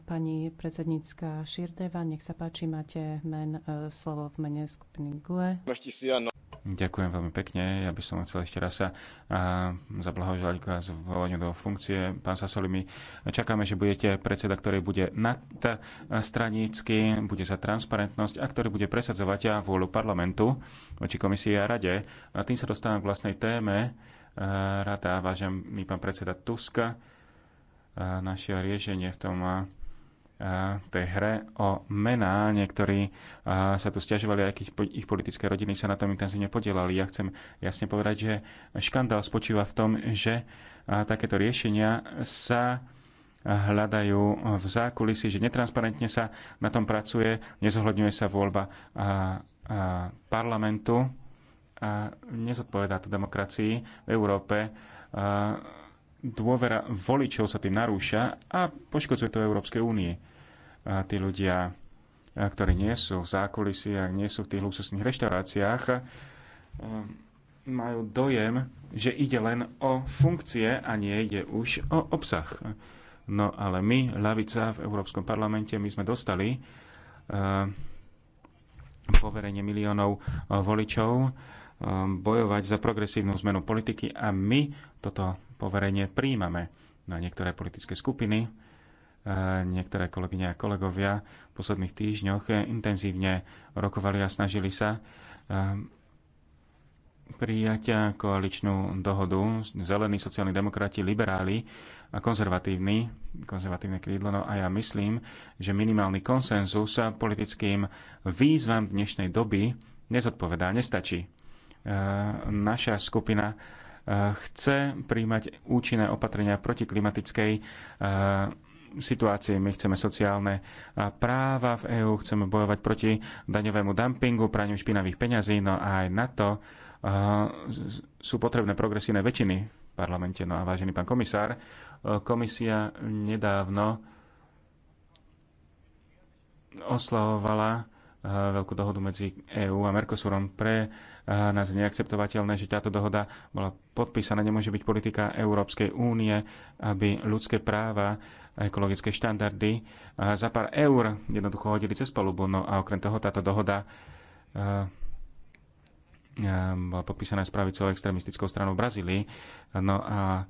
pani predsednícka Širdeva. Nech sa páči, máte men, e, slovo v mene skupiny GUE. Ďakujem veľmi pekne. Ja by som chcel ešte raz sa zablahoželať k zvoleniu do funkcie. Pán Sasoli, my čakáme, že budete predseda, ktorý bude nadstranícky, bude za transparentnosť a ktorý bude presadzovať a vôľu parlamentu voči komisii a rade. A tým sa dostávam k vlastnej téme Eh, rada, vážený pán predseda Tuska, eh, našiel riešenie v tom eh, tej hre o mená. Niektorí sa tu stiažovali, aj keď ich politické rodiny sa na tom intenzívne podielali. Ja chcem jasne povedať, že škandál spočíva v tom, že takéto riešenia sa hľadajú v zákulisí, že netransparentne sa na tom pracuje, nezohľadňuje sa voľba parlamentu a nezodpovedá to demokracii v Európe. Dôvera voličov sa tým narúša a poškodzuje to Európskej únie. tí ľudia, ktorí nie sú v zákulisi a nie sú v tých luxusných reštauráciách, majú dojem, že ide len o funkcie a nie ide už o obsah. No ale my, ľavica v Európskom parlamente, my sme dostali uh, poverenie miliónov voličov Um, bojovať za progresívnu zmenu politiky a my toto poverenie príjmame. Na no niektoré politické skupiny, uh, niektoré kolegyne a kolegovia v posledných týždňoch intenzívne rokovali a snažili sa um, prijať koaličnú dohodu zelení sociálni demokrati, liberáli a konzervatívni, konzervatívne krídlo. No a ja myslím, že minimálny konsenzus politickým výzvam dnešnej doby nezodpovedá, nestačí. Eh, naša skupina eh, chce príjmať účinné opatrenia proti klimatickej eh, situácii. My chceme sociálne práva v EÚ, chceme bojovať proti daňovému dumpingu, praniu špinavých peňazí, no a aj na to sú potrebné progresívne väčšiny v parlamente. No a vážený pán komisár, komisia nedávno oslavovala veľkú dohodu medzi EÚ a Mercosurom pre nás je neakceptovateľné, že táto dohoda bola podpísaná. Nemôže byť politika Európskej únie, aby ľudské práva a ekologické štandardy za pár eur jednoducho hodili cez palubu. No a okrem toho táto dohoda bola podpísaná s pravicou extrémistickou stranou Brazílii. No a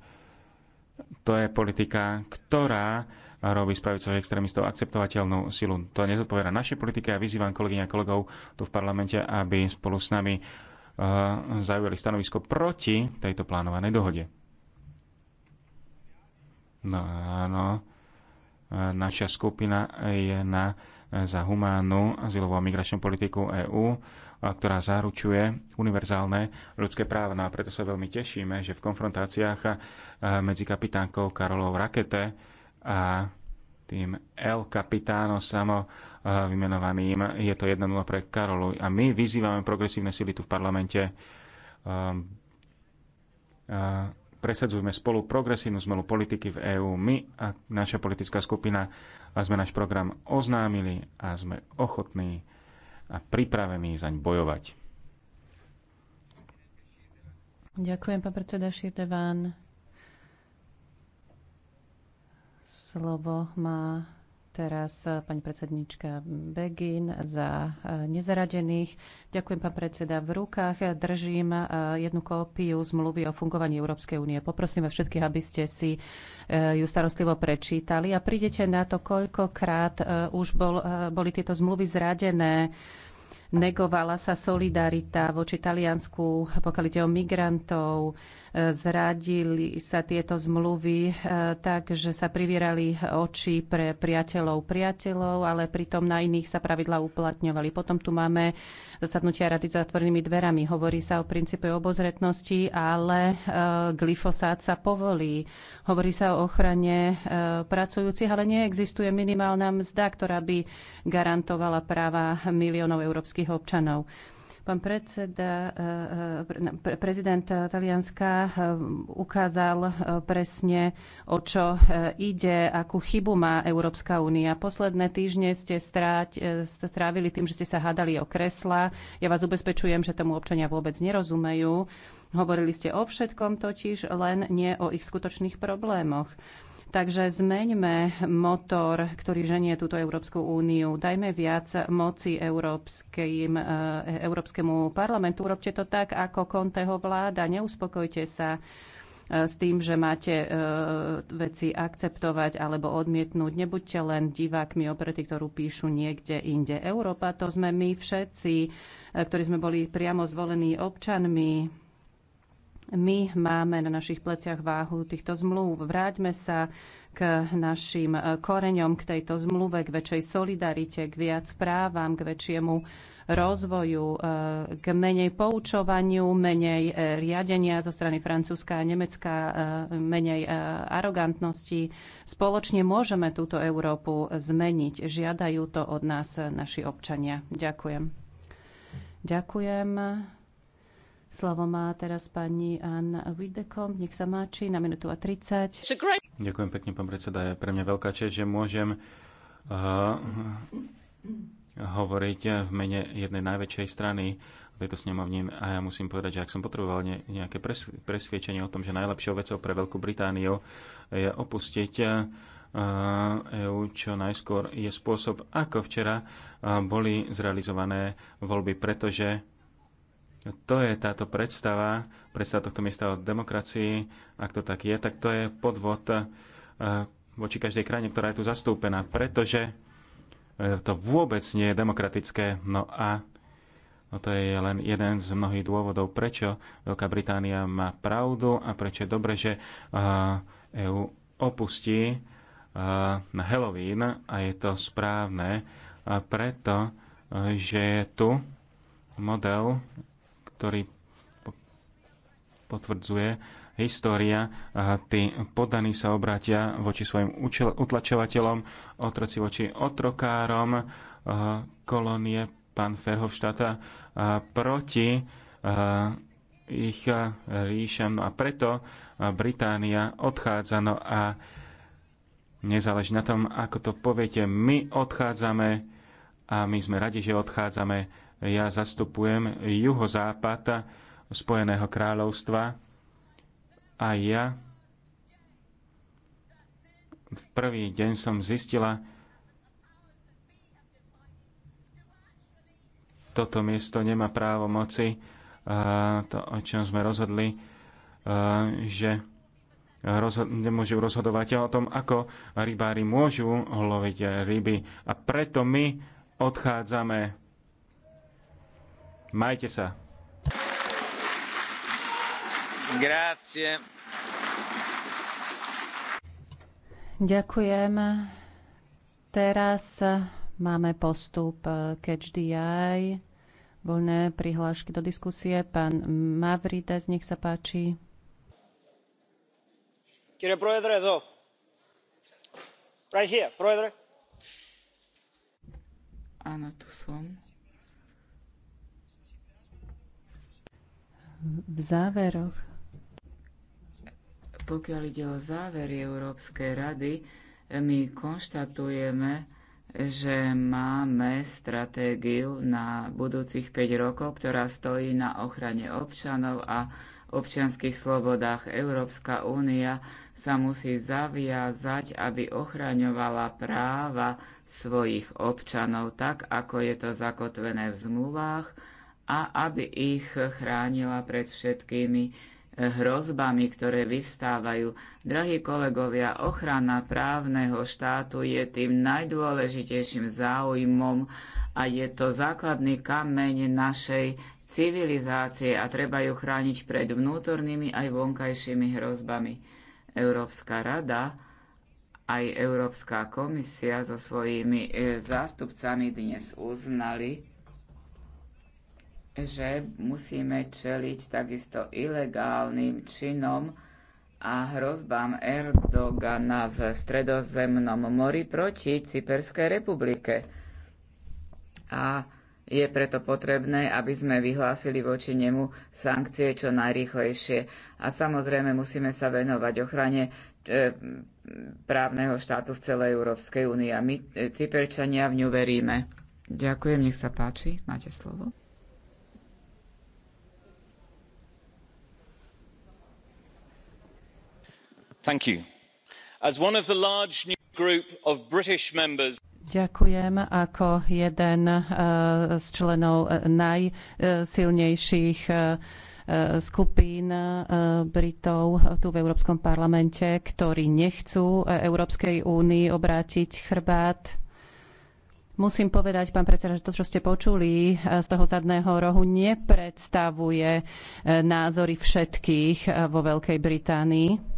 to je politika, ktorá robí z pravicových extrémistov akceptovateľnú silu. To nezodpovedá našej politike a vyzývam kolegyňa a kolegov tu v parlamente, aby spolu s nami eh, zaujali stanovisko proti tejto plánovanej dohode. No áno, eh, naša skupina je na, eh, za humánnu azylovú a migračnú politiku EÚ, ktorá zaručuje univerzálne ľudské práva. No a preto sa veľmi tešíme, že v konfrontáciách medzi kapitánkou Karolou Rakete a tým El Capitano samo eh, vymenovaným. Je to 1-0 pre Karolu. A my vyzývame progresívne sily tu v parlamente. Ehm, eh, presadzujme spolu progresívnu zmenu politiky v EÚ. My a naša politická skupina a sme náš program oznámili a sme ochotní a pripravení zaň bojovať. Ďakujem, pán predseda Širdeván. Slovo má teraz pani predsednička Begin za e, nezaradených. Ďakujem, pán predseda. V rukách držím e, jednu kópiu zmluvy o fungovaní Európskej únie. Poprosíme všetkých, aby ste si e, ju starostlivo prečítali a prídete na to, koľkokrát už bol, boli tieto zmluvy zradené negovala sa solidarita voči Taliansku, pokiaľ ide o migrantov, zradili sa tieto zmluvy e, tak, že sa privierali oči pre priateľov priateľov, ale pritom na iných sa pravidla uplatňovali. Potom tu máme zasadnutia rady za otvorenými dverami. Hovorí sa o princípe obozretnosti, ale e, glyfosát sa povolí. Hovorí sa o ochrane e, pracujúcich, ale neexistuje minimálna mzda, ktorá by garantovala práva miliónov európskych občanov. Pán predseda, eh, eh, prezident Talianska eh, ukázal presne, o čo ide, akú chybu má Európska únia. Posledné týždne ste strávili tým, že ste sa hádali o kresla. Ja vás ubezpečujem, že tomu občania vôbec nerozumejú. Hovorili ste o všetkom totiž, len nie o ich skutočných problémoch. Takže zmeňme motor, ktorý ženie túto Európsku úniu. Dajme viac moci Európskym, e, Európskemu parlamentu. Urobte to tak, ako konteho vláda. Neuspokojte sa e, s tým, že máte e, veci akceptovať alebo odmietnúť. Nebuďte len divákmi oprety, ktorú píšu niekde inde. Európa to sme my všetci, ktorí sme boli priamo zvolení občanmi my máme na našich pleciach váhu týchto zmluv. Vráťme sa k našim e, koreňom, k tejto zmluve, k väčšej solidarite, k viac právam, k väčšiemu rozvoju, e, k menej poučovaniu, menej e, riadenia zo strany Francúzska a Nemecka, menej arogantnosti. Spoločne môžeme túto Európu zmeniť. Žiadajú to od nás naši občania. Ďakujem. Ďakujem. Slovo má teraz pani Anna Videkom. Nech sa máči na minútu a 30. Ďakujem pekne, pán predseda. Je pre mňa veľká čest, že môžem uh, hovoriť v mene jednej najväčšej strany tejto snemovni a ja musím povedať, že ak som potreboval ne, nejaké presviečenie o tom, že najlepšou vecou pre Veľkú Britániu je opustiť EU eh, e čo najskôr je spôsob, ako včera eh, boli zrealizované voľby, pretože to je táto predstava, predstava tohto miesta o demokracii, ak to tak je, tak to je podvod eh, voči každej krajine, ktorá je tu zastúpená, pretože eh, to vôbec nie je demokratické. No a No to je len jeden z mnohých dôvodov, prečo Veľká Británia má pravdu a prečo je dobre, že EÚ eh, e opustí na Halloween a je to správne, preto, že je tu model ktorý potvrdzuje história. Tí podaní sa obrátia voči svojim utlačovateľom, otroci voči otrokárom, kolónie pán Ferhovštata proti ich ríšam a preto Británia odchádza. No a nezáleží na tom, ako to poviete, my odchádzame a my sme radi, že odchádzame ja zastupujem juhozápad Spojeného kráľovstva a ja v prvý deň som zistila, toto miesto nemá právo moci, to, o čom sme rozhodli, že rozhod- nemôžu rozhodovať o tom, ako rybári môžu loviť ryby. A preto my odchádzame Majte sa. Grazie. Ďakujem. Teraz máme postup eh, Catch the Eye. Voľné prihlášky do diskusie. Pán Mavrides, nech sa páči. Kire proedre, do. Right here, proedre. Áno, tu som. v záveroch. Pokiaľ ide o závery Európskej rady, my konštatujeme, že máme stratégiu na budúcich 5 rokov, ktorá stojí na ochrane občanov a občianských slobodách. Európska únia sa musí zaviazať, aby ochraňovala práva svojich občanov tak, ako je to zakotvené v zmluvách, a aby ich chránila pred všetkými hrozbami, ktoré vyvstávajú. Drahí kolegovia, ochrana právneho štátu je tým najdôležitejším záujmom a je to základný kameň našej civilizácie a treba ju chrániť pred vnútornými aj vonkajšími hrozbami. Európska rada aj Európska komisia so svojimi e, zástupcami dnes uznali, že musíme čeliť takisto ilegálnym činom a hrozbám Erdogana v stredozemnom mori proti Cyperskej republike. A je preto potrebné, aby sme vyhlásili voči nemu sankcie čo najrýchlejšie. A samozrejme musíme sa venovať ochrane e, právneho štátu v celej Európskej únii. A my, e, Cyperčania, v ňu veríme. Ďakujem, nech sa páči. Máte slovo. Ďakujem ako jeden e, z členov e, najsilnejších e, skupín Britov tu v Európskom parlamente, ktorí nechcú Európskej únii obrátiť chrbát. Musím povedať, pán predseda, že to, čo ste počuli z toho zadného rohu, nepredstavuje názory všetkých vo Veľkej Británii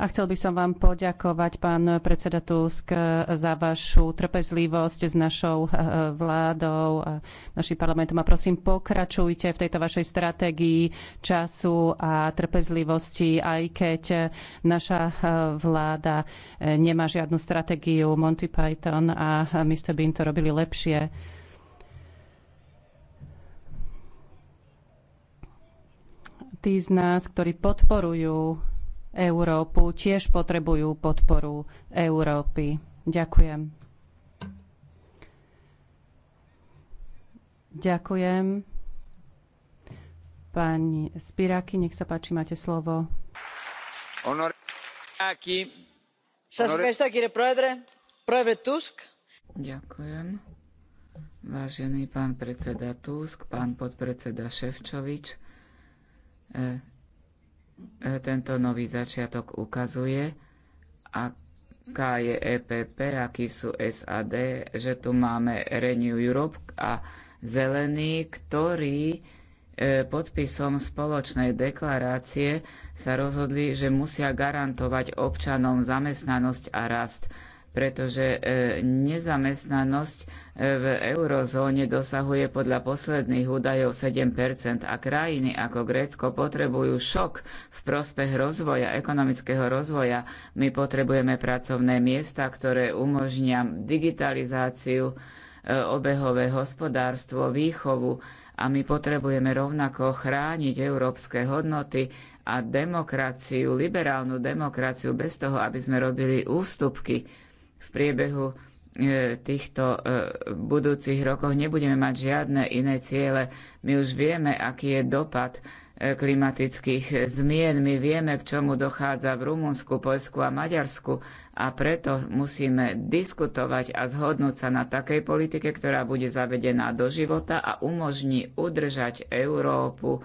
a chcel by som vám poďakovať, pán predseda Tusk, za vašu trpezlivosť s našou eh, vládou a našim parlamentom. A prosím, pokračujte v tejto vašej stratégii času a trpezlivosti, aj keď naša eh, vláda eh, nemá žiadnu stratégiu. Monty Python a my ste by im to robili lepšie. tí z nás, ktorí podporujú Európu, tiež potrebujú podporu Európy. Ďakujem. Ďakujem. Pani Spiráky, nech sa páči, máte slovo. Ďakujem. Vážený pán predseda Tusk, pán podpredseda Ševčovič, eh, E, tento nový začiatok ukazuje, aká je EPP, aký sú SAD, že tu máme Renew Europe a Zelený, ktorí e, podpisom spoločnej deklarácie sa rozhodli, že musia garantovať občanom zamestnanosť a rast pretože e, nezamestnanosť e, v eurozóne dosahuje podľa posledných údajov 7 a krajiny ako Grécko potrebujú šok v prospech rozvoja, ekonomického rozvoja. My potrebujeme pracovné miesta, ktoré umožnia digitalizáciu, e, obehové hospodárstvo, výchovu a my potrebujeme rovnako chrániť európske hodnoty a demokraciu, liberálnu demokraciu bez toho, aby sme robili ústupky priebehu e, týchto e, budúcich rokoch nebudeme mať žiadne iné ciele. My už vieme, aký je dopad e, klimatických zmien. My vieme, k čomu dochádza v Rumunsku, Poľsku a Maďarsku a preto musíme diskutovať a zhodnúť sa na takej politike, ktorá bude zavedená do života a umožní udržať Európu,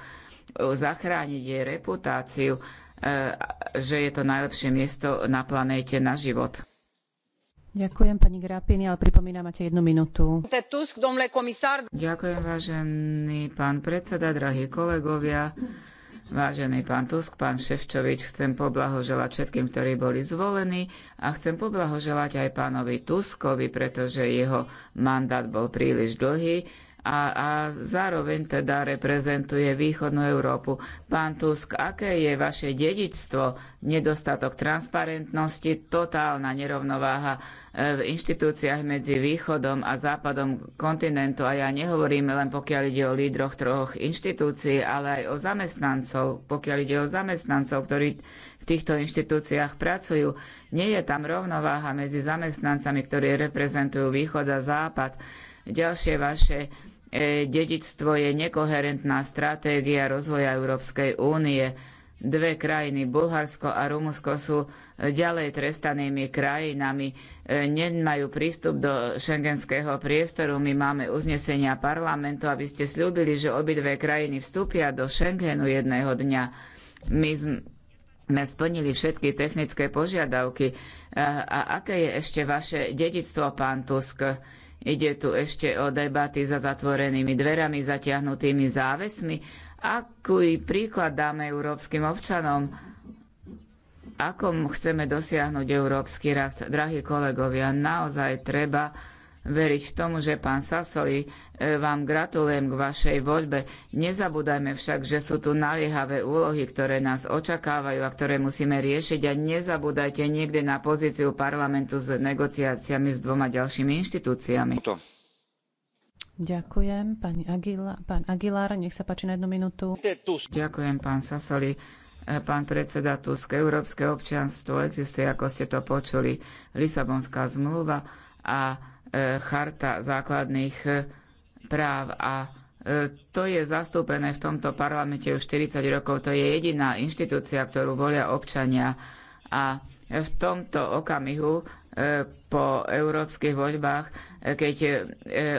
zachrániť jej reputáciu, že je to najlepšie miesto na planéte na život. Ďakujem pani Grapini, ale pripomínam, máte jednu minútu. Ďakujem, vážený pán predseda, drahí kolegovia. Vážený pán Tusk, pán Ševčovič, chcem poblahoželať všetkým, ktorí boli zvolení a chcem poblahoželať aj pánovi Tuskovi, pretože jeho mandát bol príliš dlhý a, a zároveň teda reprezentuje východnú Európu. Pán Tusk, aké je vaše dedičstvo? Nedostatok transparentnosti, totálna nerovnováha e, v inštitúciách medzi východom a západom kontinentu. A ja nehovorím len pokiaľ ide o lídroch troch inštitúcií, ale aj o zamestnancov, pokiaľ ide o zamestnancov, ktorí v týchto inštitúciách pracujú. Nie je tam rovnováha medzi zamestnancami, ktorí reprezentujú východ a západ. Ďalšie vaše E, dedičstvo je nekoherentná stratégia rozvoja Európskej únie. Dve krajiny, Bulharsko a Rumunsko, sú ďalej trestanými krajinami. E, nemajú prístup do šengenského priestoru. My máme uznesenia parlamentu a vy ste slúbili, že obidve krajiny vstúpia do Schengenu jedného dňa. My sme splnili všetky technické požiadavky. E, a aké je ešte vaše dedictvo, pán Tusk? Ide tu ešte o debaty za zatvorenými dverami, zatiahnutými závesmi. Aký príklad dáme európskym občanom? Ako chceme dosiahnuť európsky rast? Drahí kolegovia, naozaj treba veriť tomu, že pán Sasoli, e, vám gratulujem k vašej voľbe. Nezabúdajme však, že sú tu naliehavé úlohy, ktoré nás očakávajú a ktoré musíme riešiť a nezabúdajte niekde na pozíciu parlamentu s negociáciami s dvoma ďalšími inštitúciami. To. Ďakujem. Pani Aguila, pán Aguilar, nech sa páči na jednu minútu. Ďakujem, pán Sasoli. E, pán predseda Tusk, európske občianstvo existuje, ako ste to počuli, Lisabonská zmluva a E, charta základných e, práv a e, to je zastúpené v tomto parlamente už 40 rokov. To je jediná inštitúcia, ktorú volia občania. A v tomto okamihu po európskych voľbách, keď,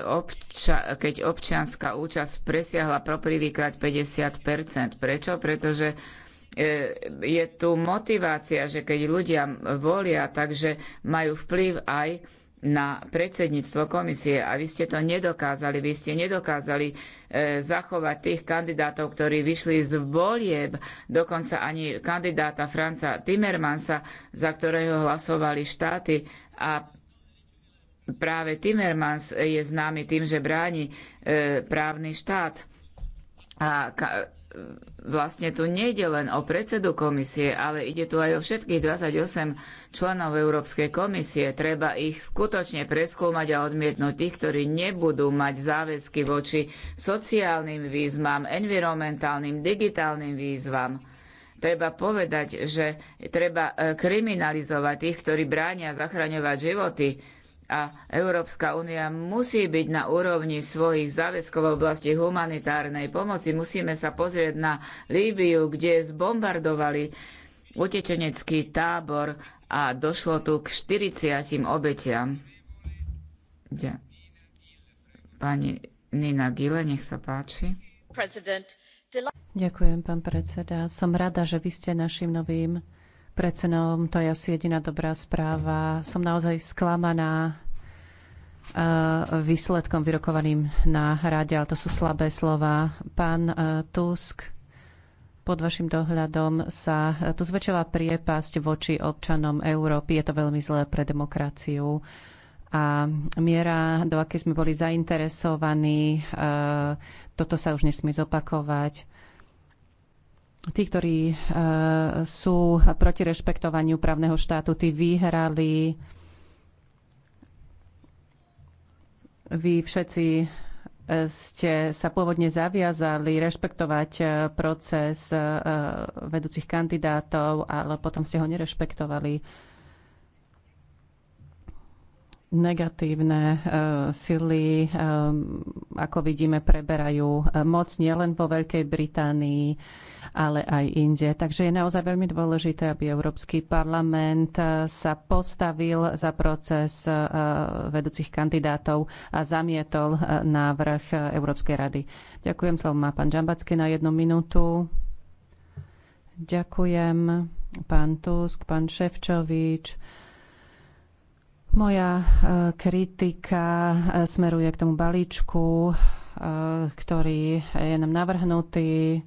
obča, keď občianská účasť presiahla prvýkrát 50 Prečo? Pretože je tu motivácia, že keď ľudia volia, takže majú vplyv aj na predsedníctvo komisie a vy ste to nedokázali. Vy ste nedokázali e, zachovať tých kandidátov, ktorí vyšli z volieb, dokonca ani kandidáta Franca Timmermansa, za ktorého hlasovali štáty. A práve Timmermans je známy tým, že bráni e, právny štát. A ka, vlastne tu nejde len o predsedu komisie, ale ide tu aj o všetkých 28 členov Európskej komisie. Treba ich skutočne preskúmať a odmietnúť tých, ktorí nebudú mať záväzky voči sociálnym výzvam, environmentálnym, digitálnym výzvam. Treba povedať, že treba e, kriminalizovať tých, ktorí bránia zachraňovať životy a Európska únia musí byť na úrovni svojich záväzkov v oblasti humanitárnej pomoci. Musíme sa pozrieť na Líbiu, kde zbombardovali utečenecký tábor a došlo tu k 40 obetiam. Ja. Pani Nina Gile, nech sa páči. Ďakujem, pán predseda. Som rada, že vy ste našim novým pred To je asi jediná dobrá správa. Som naozaj sklamaná eh, výsledkom vyrokovaným na rade, ale to sú slabé slova. Pán eh, Tusk, pod vašim dohľadom sa tu zväčšila priepasť voči občanom Európy. Je to veľmi zlé pre demokraciu. A miera, do akej sme boli zainteresovaní, eh, toto sa už nesmie zopakovať tí, ktorí e, sú proti rešpektovaniu právneho štátu, tí vyhrali. Vy všetci e, ste sa pôvodne zaviazali rešpektovať e, proces vedúcich kandidátov, ale potom ste ho nerešpektovali negatívne e, sily, e, ako vidíme, preberajú e, moc nielen vo Veľkej Británii, ale aj inde. Takže je naozaj veľmi dôležité, aby Európsky parlament sa postavil za proces vedúcich kandidátov a zamietol návrh Európskej rady. Ďakujem, slovo má pán Džambacký na jednu minútu. Ďakujem, pán Tusk, pán Ševčovič moja e, kritika e, smeruje k tomu balíčku, e, ktorý je nám navrhnutý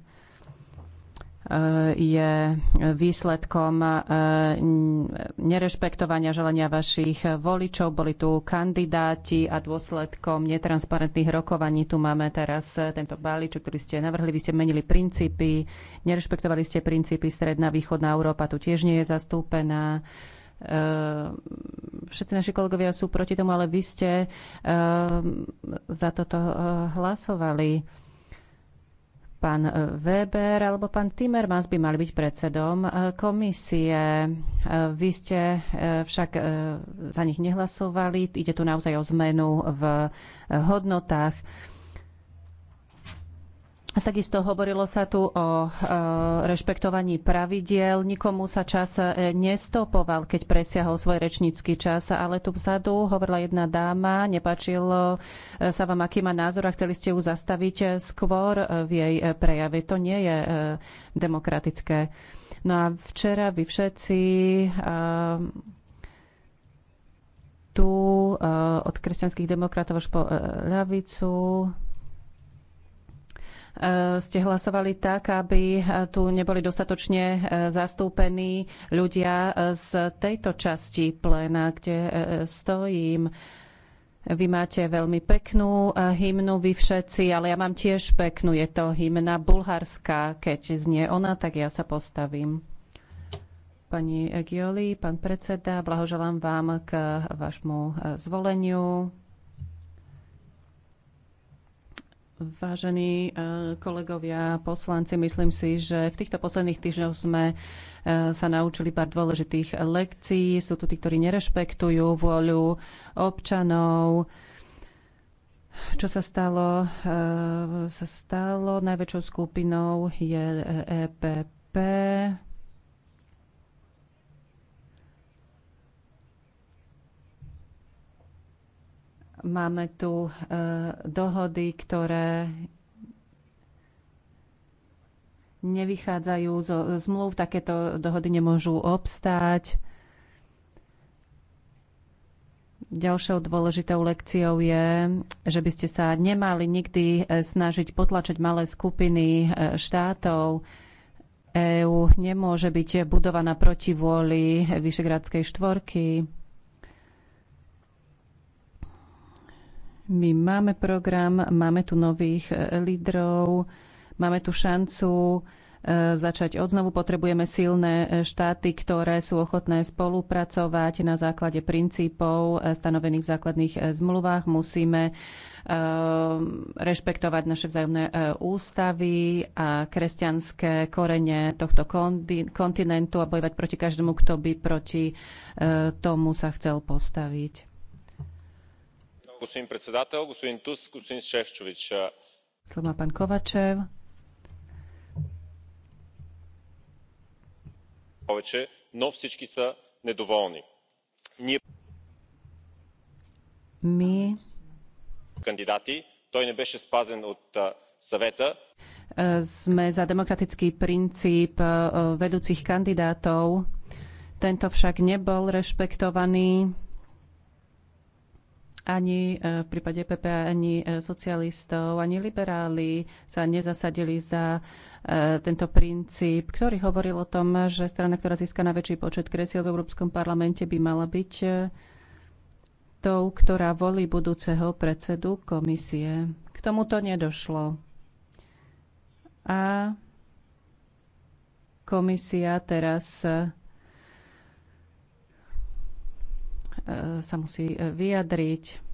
je výsledkom nerešpektovania želania vašich voličov. Boli tu kandidáti a dôsledkom netransparentných rokovaní. Tu máme teraz tento balíček, ktorý ste navrhli. Vy ste menili princípy, nerešpektovali ste princípy. Stredná východná Európa tu tiež nie je zastúpená Ehm, všetci naši kolegovia sú proti tomu, ale vy ste ehm, za toto eh, hlasovali. Pán eh, Weber alebo pán Timmermans by mali byť predsedom eh, komisie. Vy ste však za nich nehlasovali. Ide tu naozaj o zmenu v hodnotách. Takisto hovorilo sa tu o rešpektovaní pravidiel. Nikomu sa čas e, nestopoval, keď presiahol svoj rečnícky čas, ale tu vzadu hovorila jedna dáma, nepačilo e, sa vám, aký má názor a chceli ste ju zastaviť e, skôr v jej prejave. To nie je demokratické. No a včera vy všetci tu od kresťanských demokratov až po ľavicu E, ste hlasovali tak, aby e, tu neboli dostatočne e, zastúpení ľudia z tejto časti pléna, kde stojím. Vy máte veľmi peknú hymnu, vy všetci, ale ja mám tiež peknú. Je to hymna bulharská. Keď znie ona, tak ja sa postavím. Pani Gioli, pán predseda, blahoželám vám k vašmu zvoleniu. Vážení e, kolegovia, poslanci, myslím si, že v týchto posledných týždňoch sme e, sa naučili pár dôležitých lekcií. Sú tu tí, ktorí nerešpektujú vôľu občanov. Čo sa stalo? E, sa stalo najväčšou skupinou je EPP, Máme tu e, dohody, ktoré nevychádzajú zo zmluv, takéto dohody nemôžu obstáť. Ďalšou dôležitou lekciou je, že by ste sa nemali nikdy e, snažiť potlačiť malé skupiny e, štátov. EÚ nemôže byť budovaná proti vôli Vyšegradskej štvorky. My máme program, máme tu nových e, lídrov, máme tu šancu e, začať odnovu. Potrebujeme silné e, štáty, ktoré sú ochotné spolupracovať na základe princípov stanovených v základných zmluvách. Musíme rešpektovať naše vzájomné ústavy a kresťanské korene tohto kontinentu a bojovať proti každému, kto by proti tomu sa chcel postaviť господин председател, господин Туск, господин Шефчович. Slovo má pán Kovačev. Повече, но всички са недоволни. Ние My кандидати, той не беше спазен от съвета. Sme za demokratický princíp vedúcich kandidátov. Tento však nebol rešpektovaný ani e, v prípade PP, ani e, socialistov, ani liberáli sa nezasadili za e, tento princíp, ktorý hovoril o tom, že strana, ktorá získa na väčší počet kresiel v Európskom parlamente, by mala byť tou, ktorá volí budúceho predsedu komisie. K tomuto nedošlo. A komisia teraz E, sa musí e, vyjadriť.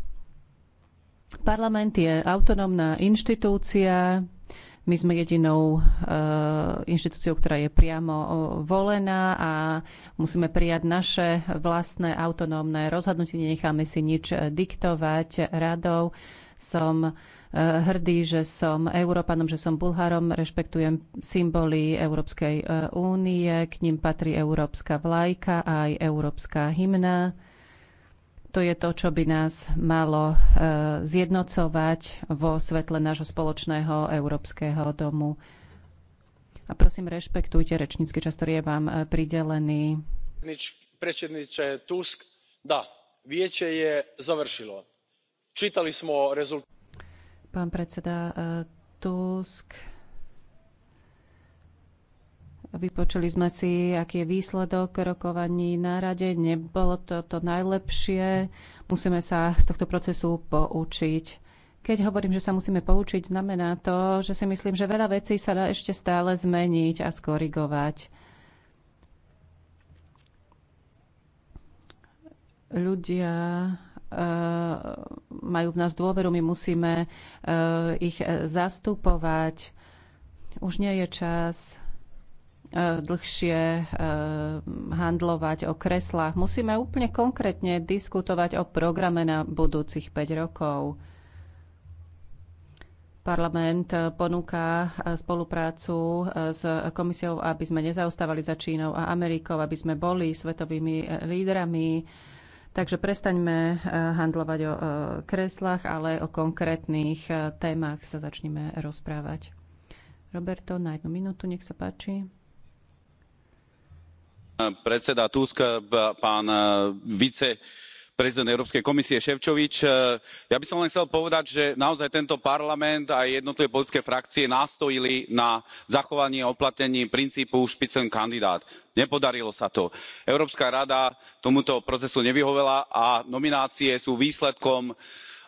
Parlament je autonómna inštitúcia, my sme jedinou e, inštitúciou, ktorá je priamo volená a musíme prijať naše vlastné autonómne rozhodnutie. Nenecháme si nič diktovať radou. Som hrdý, že som Európanom, že som Bulharom, rešpektujem symboly Európskej únie, k ním patrí európska vlajka a aj európska hymna. To je to, čo by nás malo e, zjednocovať vo svetle nášho spoločného európskeho domu. A prosím, rešpektujte rečnícky čas, ktorý je vám e, pridelený. Predsedniče Tusk, da, viete je završilo. Čítali sme rezultat... Pán predseda e, Tusk, Vypočuli sme si, aký je výsledok rokovaní na rade. Nebolo to to najlepšie. Musíme sa z tohto procesu poučiť. Keď hovorím, že sa musíme poučiť, znamená to, že si myslím, že veľa vecí sa dá ešte stále zmeniť a skorigovať. Ľudia eh, majú v nás dôveru, my musíme eh, ich zastupovať. Už nie je čas E, dlhšie e, handlovať o kreslách. Musíme úplne konkrétne diskutovať o programe na budúcich 5 rokov. Parlament e, ponúka spoluprácu s komisiou, aby sme nezaostávali za Čínou a Amerikou, aby sme boli svetovými lídrami. Takže prestaňme handlovať o kreslách, ale o konkrétnych témach sa začneme rozprávať. Roberto, na jednu minútu, nech sa páči predseda tusk pán eh, viceprezident európskej komisie šefčovič eh, ja by som len chcel povedať že naozaj tento parlament a jednotlivé politické frakcie nástojili na zachovaní a uplatnení princípu spitzenkandidat. nepodarilo sa to. európska rada tomuto procesu nevyhovela a nominácie sú výsledkom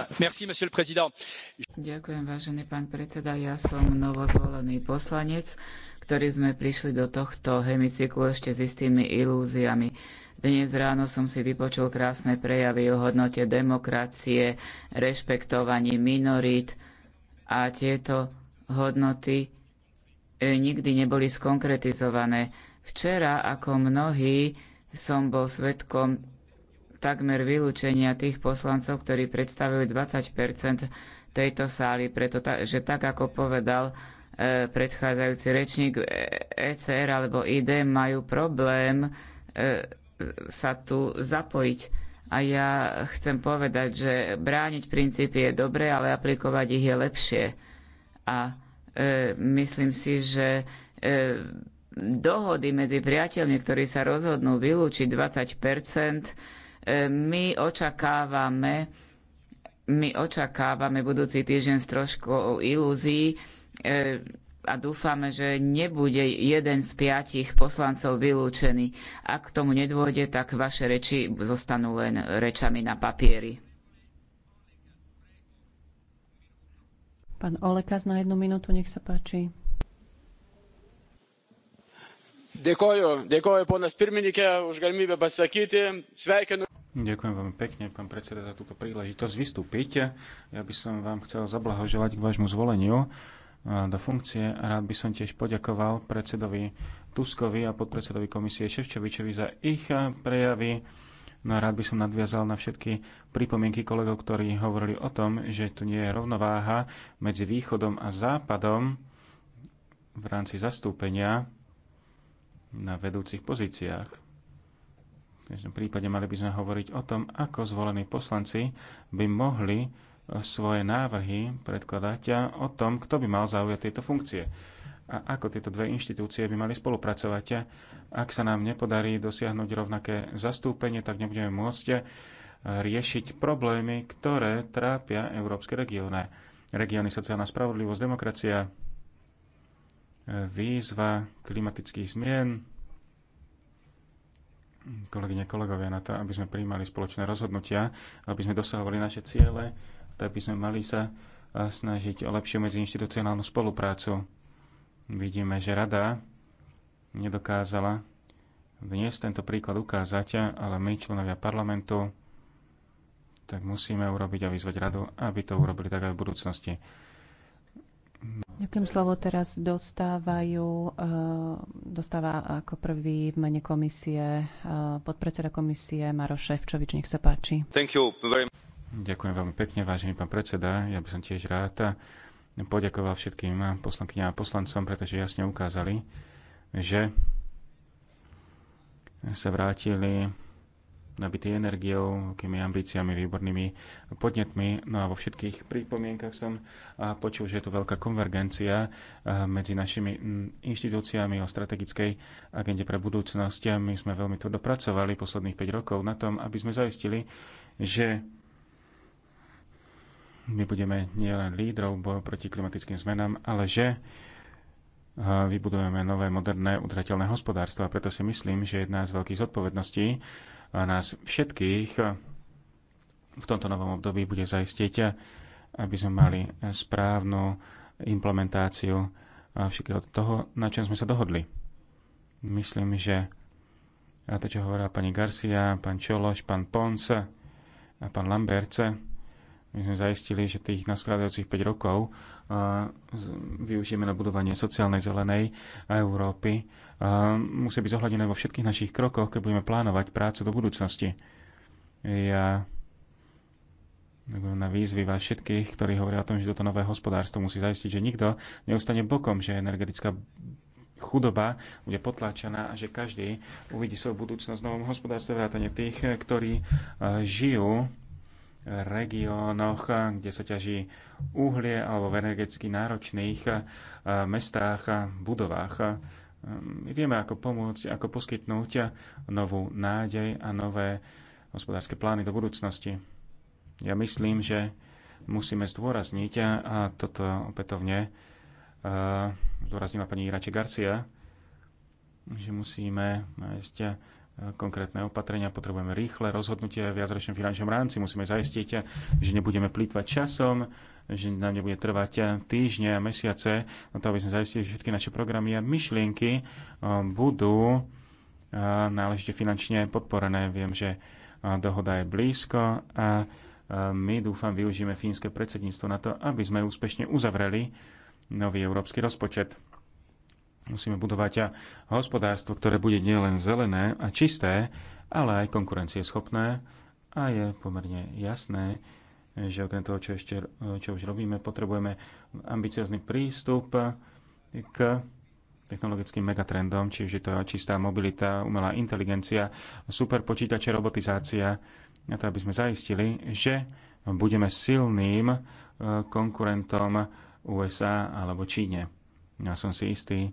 Ďakujem, vážený pán predseda. Ja som novozvolený poslanec, ktorý sme prišli do tohto hemicyklu ešte s istými ilúziami. Dnes ráno som si vypočul krásne prejavy o hodnote demokracie, rešpektovaní minorít a tieto hodnoty e, nikdy neboli skonkretizované. Včera, ako mnohí, som bol svetkom takmer vylúčenia tých poslancov, ktorí predstavujú 20 tejto sály, pretože tak, ako povedal e, predchádzajúci rečník, ECR e alebo ID majú problém e, sa tu zapojiť. A ja chcem povedať, že brániť princípy je dobré, ale aplikovať ich je lepšie. A e, myslím si, že e, dohody medzi priateľmi, ktorí sa rozhodnú vylúčiť 20 E, my očakávame, my očakávame budúci týždeň s troškou ilúzií e, a dúfame, že nebude jeden z piatich poslancov vylúčený. Ak k tomu nedôjde, tak vaše reči zostanú len rečami na papieri. Pán Olekas na jednu minútu, nech sa páči ďakujem ponas pirmininke už galimybę Sveikinu. Ďakujem veľmi pekne, pán predseda, za túto príležitosť vystúpiť. Ja by som vám chcel zablahoželať k vášmu zvoleniu do funkcie. Rád by som tiež poďakoval predsedovi Tuskovi a podpredsedovi komisie Ševčovičovi za ich prejavy. No a rád by som nadviazal na všetky pripomienky kolegov, ktorí hovorili o tom, že tu nie je rovnováha medzi východom a západom v rámci zastúpenia na vedúcich pozíciách. V každom prípade mali by sme hovoriť o tom, ako zvolení poslanci by mohli svoje návrhy predkladať a o tom, kto by mal zaujať tieto funkcie a ako tieto dve inštitúcie by mali spolupracovať. Ak sa nám nepodarí dosiahnuť rovnaké zastúpenie, tak nebudeme môcť riešiť problémy, ktoré trápia európske regióny. Regióny sociálna spravodlivosť, demokracia, výzva klimatických zmien, kolegyne, kolegovia, na to, aby sme prijímali spoločné rozhodnutia, aby sme dosahovali naše ciele, tak by sme mali sa snažiť o lepšiu medziinstitucionálnu spoluprácu. Vidíme, že rada nedokázala dnes tento príklad ukázať, ale my, členovia parlamentu, tak musíme urobiť a vyzvať radu, aby to urobili tak aj v budúcnosti. Ďakujem slovo teraz dostávajú, eh, dostáva ako prvý v mene komisie eh, podpredseda komisie Maro Ševčovič, nech sa páči. Thank you very Ďakujem veľmi pekne, vážený pán predseda. Ja by som tiež rád poďakoval všetkým poslankyňam a poslancom, pretože jasne ukázali, že sa vrátili nabitý energiou, veľkými ambíciami, výbornými podnetmi. No a vo všetkých prípomienkach som počul, že je tu veľká konvergencia medzi našimi inštitúciami o strategickej agende pre budúcnosť. My sme veľmi tvrdo pracovali posledných 5 rokov na tom, aby sme zaistili, že my budeme nielen lídrov boju proti klimatickým zmenám, ale že vybudujeme nové, moderné, udržateľné hospodárstvo. A preto si myslím, že jedna z veľkých zodpovedností nás všetkých v tomto novom období bude zaistiť, aby sme mali správnu implementáciu všetkého toho, na čom sme sa dohodli. Myslím, že a to, čo hovorila pani Garcia, pán Čološ, pán Pons a pán Lamberce, my sme zaistili, že tých nasledujúcich 5 rokov využijeme na budovanie sociálnej zelenej Európy, musí byť zohľadené vo všetkých našich krokoch, keď budeme plánovať prácu do budúcnosti. Ja na výzvy vás všetkých, ktorí hovoria o tom, že toto nové hospodárstvo musí zaistiť, že nikto neustane bokom, že energetická chudoba bude potláčaná a že každý uvidí svoju budúcnosť v novom hospodárstve vrátane tých, ktorí e, žijú regiónoch, kde sa ťaží uhlie alebo v energeticky náročných eh, mestách, a budovách. Eh, my vieme, ako pomôcť, ako poskytnúť novú nádej a nové hospodárske plány do budúcnosti. Ja myslím, že musíme zdôrazniť, a toto opätovne eh, zdôraznila pani Irače Garcia, že musíme nájsť konkrétne opatrenia, potrebujeme rýchle rozhodnutie v jazročnom finančnom rámci, musíme zaistiť, že nebudeme plýtvať časom, že nám nebude trvať týždne a mesiace, na to, aby sme zaistili, že všetky naše programy a myšlienky um, budú uh, náležite finančne podporené. Viem, že uh, dohoda je blízko a uh, my dúfam využijeme fínske predsedníctvo na to, aby sme úspešne uzavreli nový európsky rozpočet. Musíme budovať hospodárstvo, ktoré bude nielen zelené a čisté, ale aj konkurencieschopné a je pomerne jasné, že okrem toho, čo, ešte, čo už robíme, potrebujeme ambiciózny prístup k technologickým megatrendom, čiže to čistá mobilita, umelá inteligencia, superpočítače, robotizácia, na to, aby sme zaistili, že budeme silným eh, konkurentom USA alebo Číne. Ja som si istý,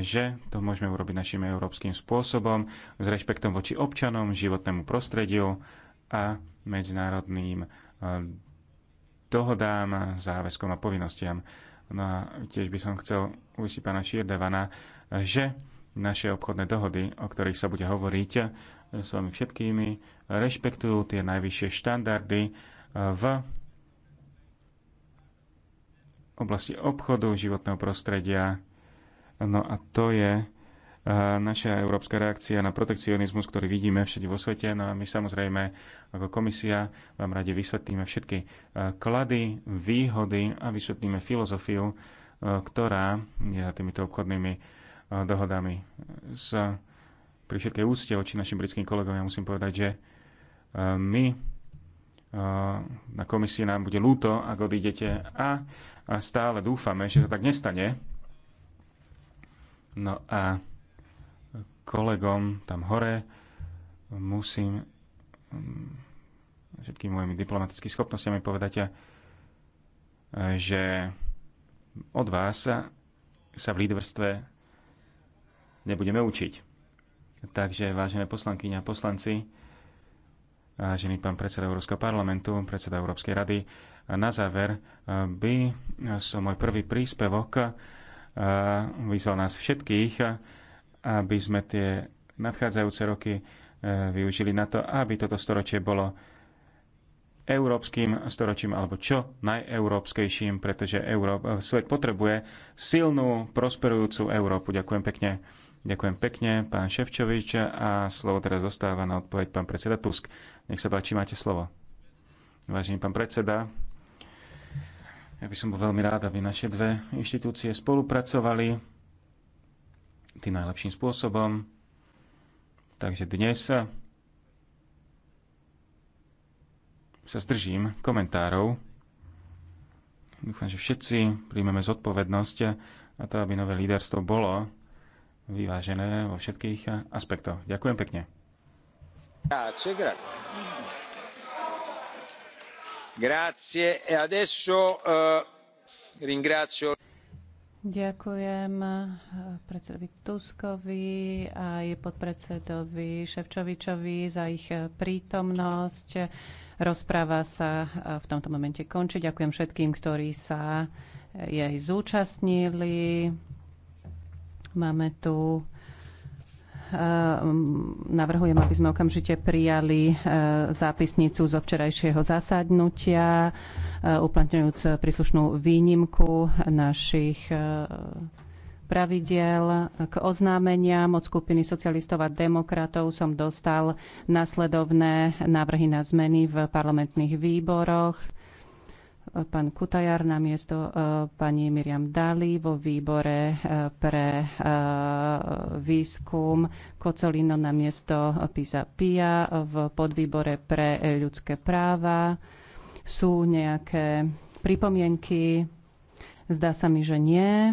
že to môžeme urobiť našim európskym spôsobom, s rešpektom voči občanom, životnému prostrediu a medzinárodným e, dohodám, záväzkom a povinnostiam. No a tiež by som chcel uistiť pána Širdevana, že naše obchodné dohody, o ktorých sa bude hovoriť e, s vami všetkými, rešpektujú tie najvyššie štandardy e, v oblasti obchodu, životného prostredia No a to je eh, naša európska reakcia na protekcionizmus, ktorý vidíme všade vo svete. No a my samozrejme ako komisia vám radi vysvetlíme všetky eh, klady, výhody a vysvetlíme filozofiu, eh, ktorá je za týmito obchodnými dohodami. S, pri všetkej úcte oči našim britským kolegom ja musím povedať, že my na komisii nám bude lúto, ak odídete a, a stále dúfame, že sa tak nestane, No a kolegom tam hore musím mm, všetkými mojimi diplomatickými schopnosťami povedať, eh, že od vás sa v lídrstve nebudeme učiť. Takže, vážené poslankyne a poslanci, vážený pán predseda Európskeho parlamentu, predseda Európskej rady, na záver eh, by som môj prvý príspevok Eh, vyzval nás všetkých, aby sme tie nadchádzajúce roky eh, využili na to, aby toto storočie bolo európskym storočím alebo čo najeurópskejším, pretože Euró- svet potrebuje silnú, prosperujúcu Európu. Ďakujem pekne. Ďakujem pekne, pán Ševčovič. A slovo teraz zostáva na odpoveď pán predseda Tusk. Nech sa páči, máte slovo. Vážený pán predseda, ja by som bol veľmi rád, aby naše dve inštitúcie spolupracovali tým najlepším spôsobom. Takže dnes sa zdržím komentárov. Dúfam, že všetci príjmeme zodpovednosť a to, aby nové líderstvo bolo vyvážené vo všetkých aspektoch. Ďakujem pekne. E adesso, eh, ďakujem eh, predsedovi tuskovi aj podpredsedovi šefčovičovi za ich eh, prítomnosť. Rozpráva sa v tomto momente končí. Ďakujem všetkým, ktorí sa jej zúčastnili. Máme tu Ehm, navrhujem, aby sme okamžite prijali e, zápisnicu zo včerajšieho zasadnutia, e, uplatňujúc príslušnú výnimku našich e, pravidiel. K oznámeniam od skupiny socialistov a demokratov som dostal nasledovné návrhy na zmeny v parlamentných výboroch pán Kutajar na miesto e, pani Miriam Dali vo výbore e, pre e, výskum, Kocolino na miesto Pisa Pia v podvýbore pre ľudské práva. Sú nejaké pripomienky? Zdá sa mi, že nie.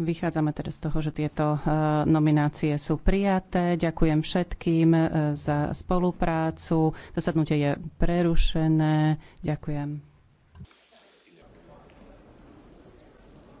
Vychádzame teda z toho, že tieto eh, nominácie sú prijaté. Ďakujem všetkým eh, za spoluprácu. Zasadnutie je prerušené. Ďakujem.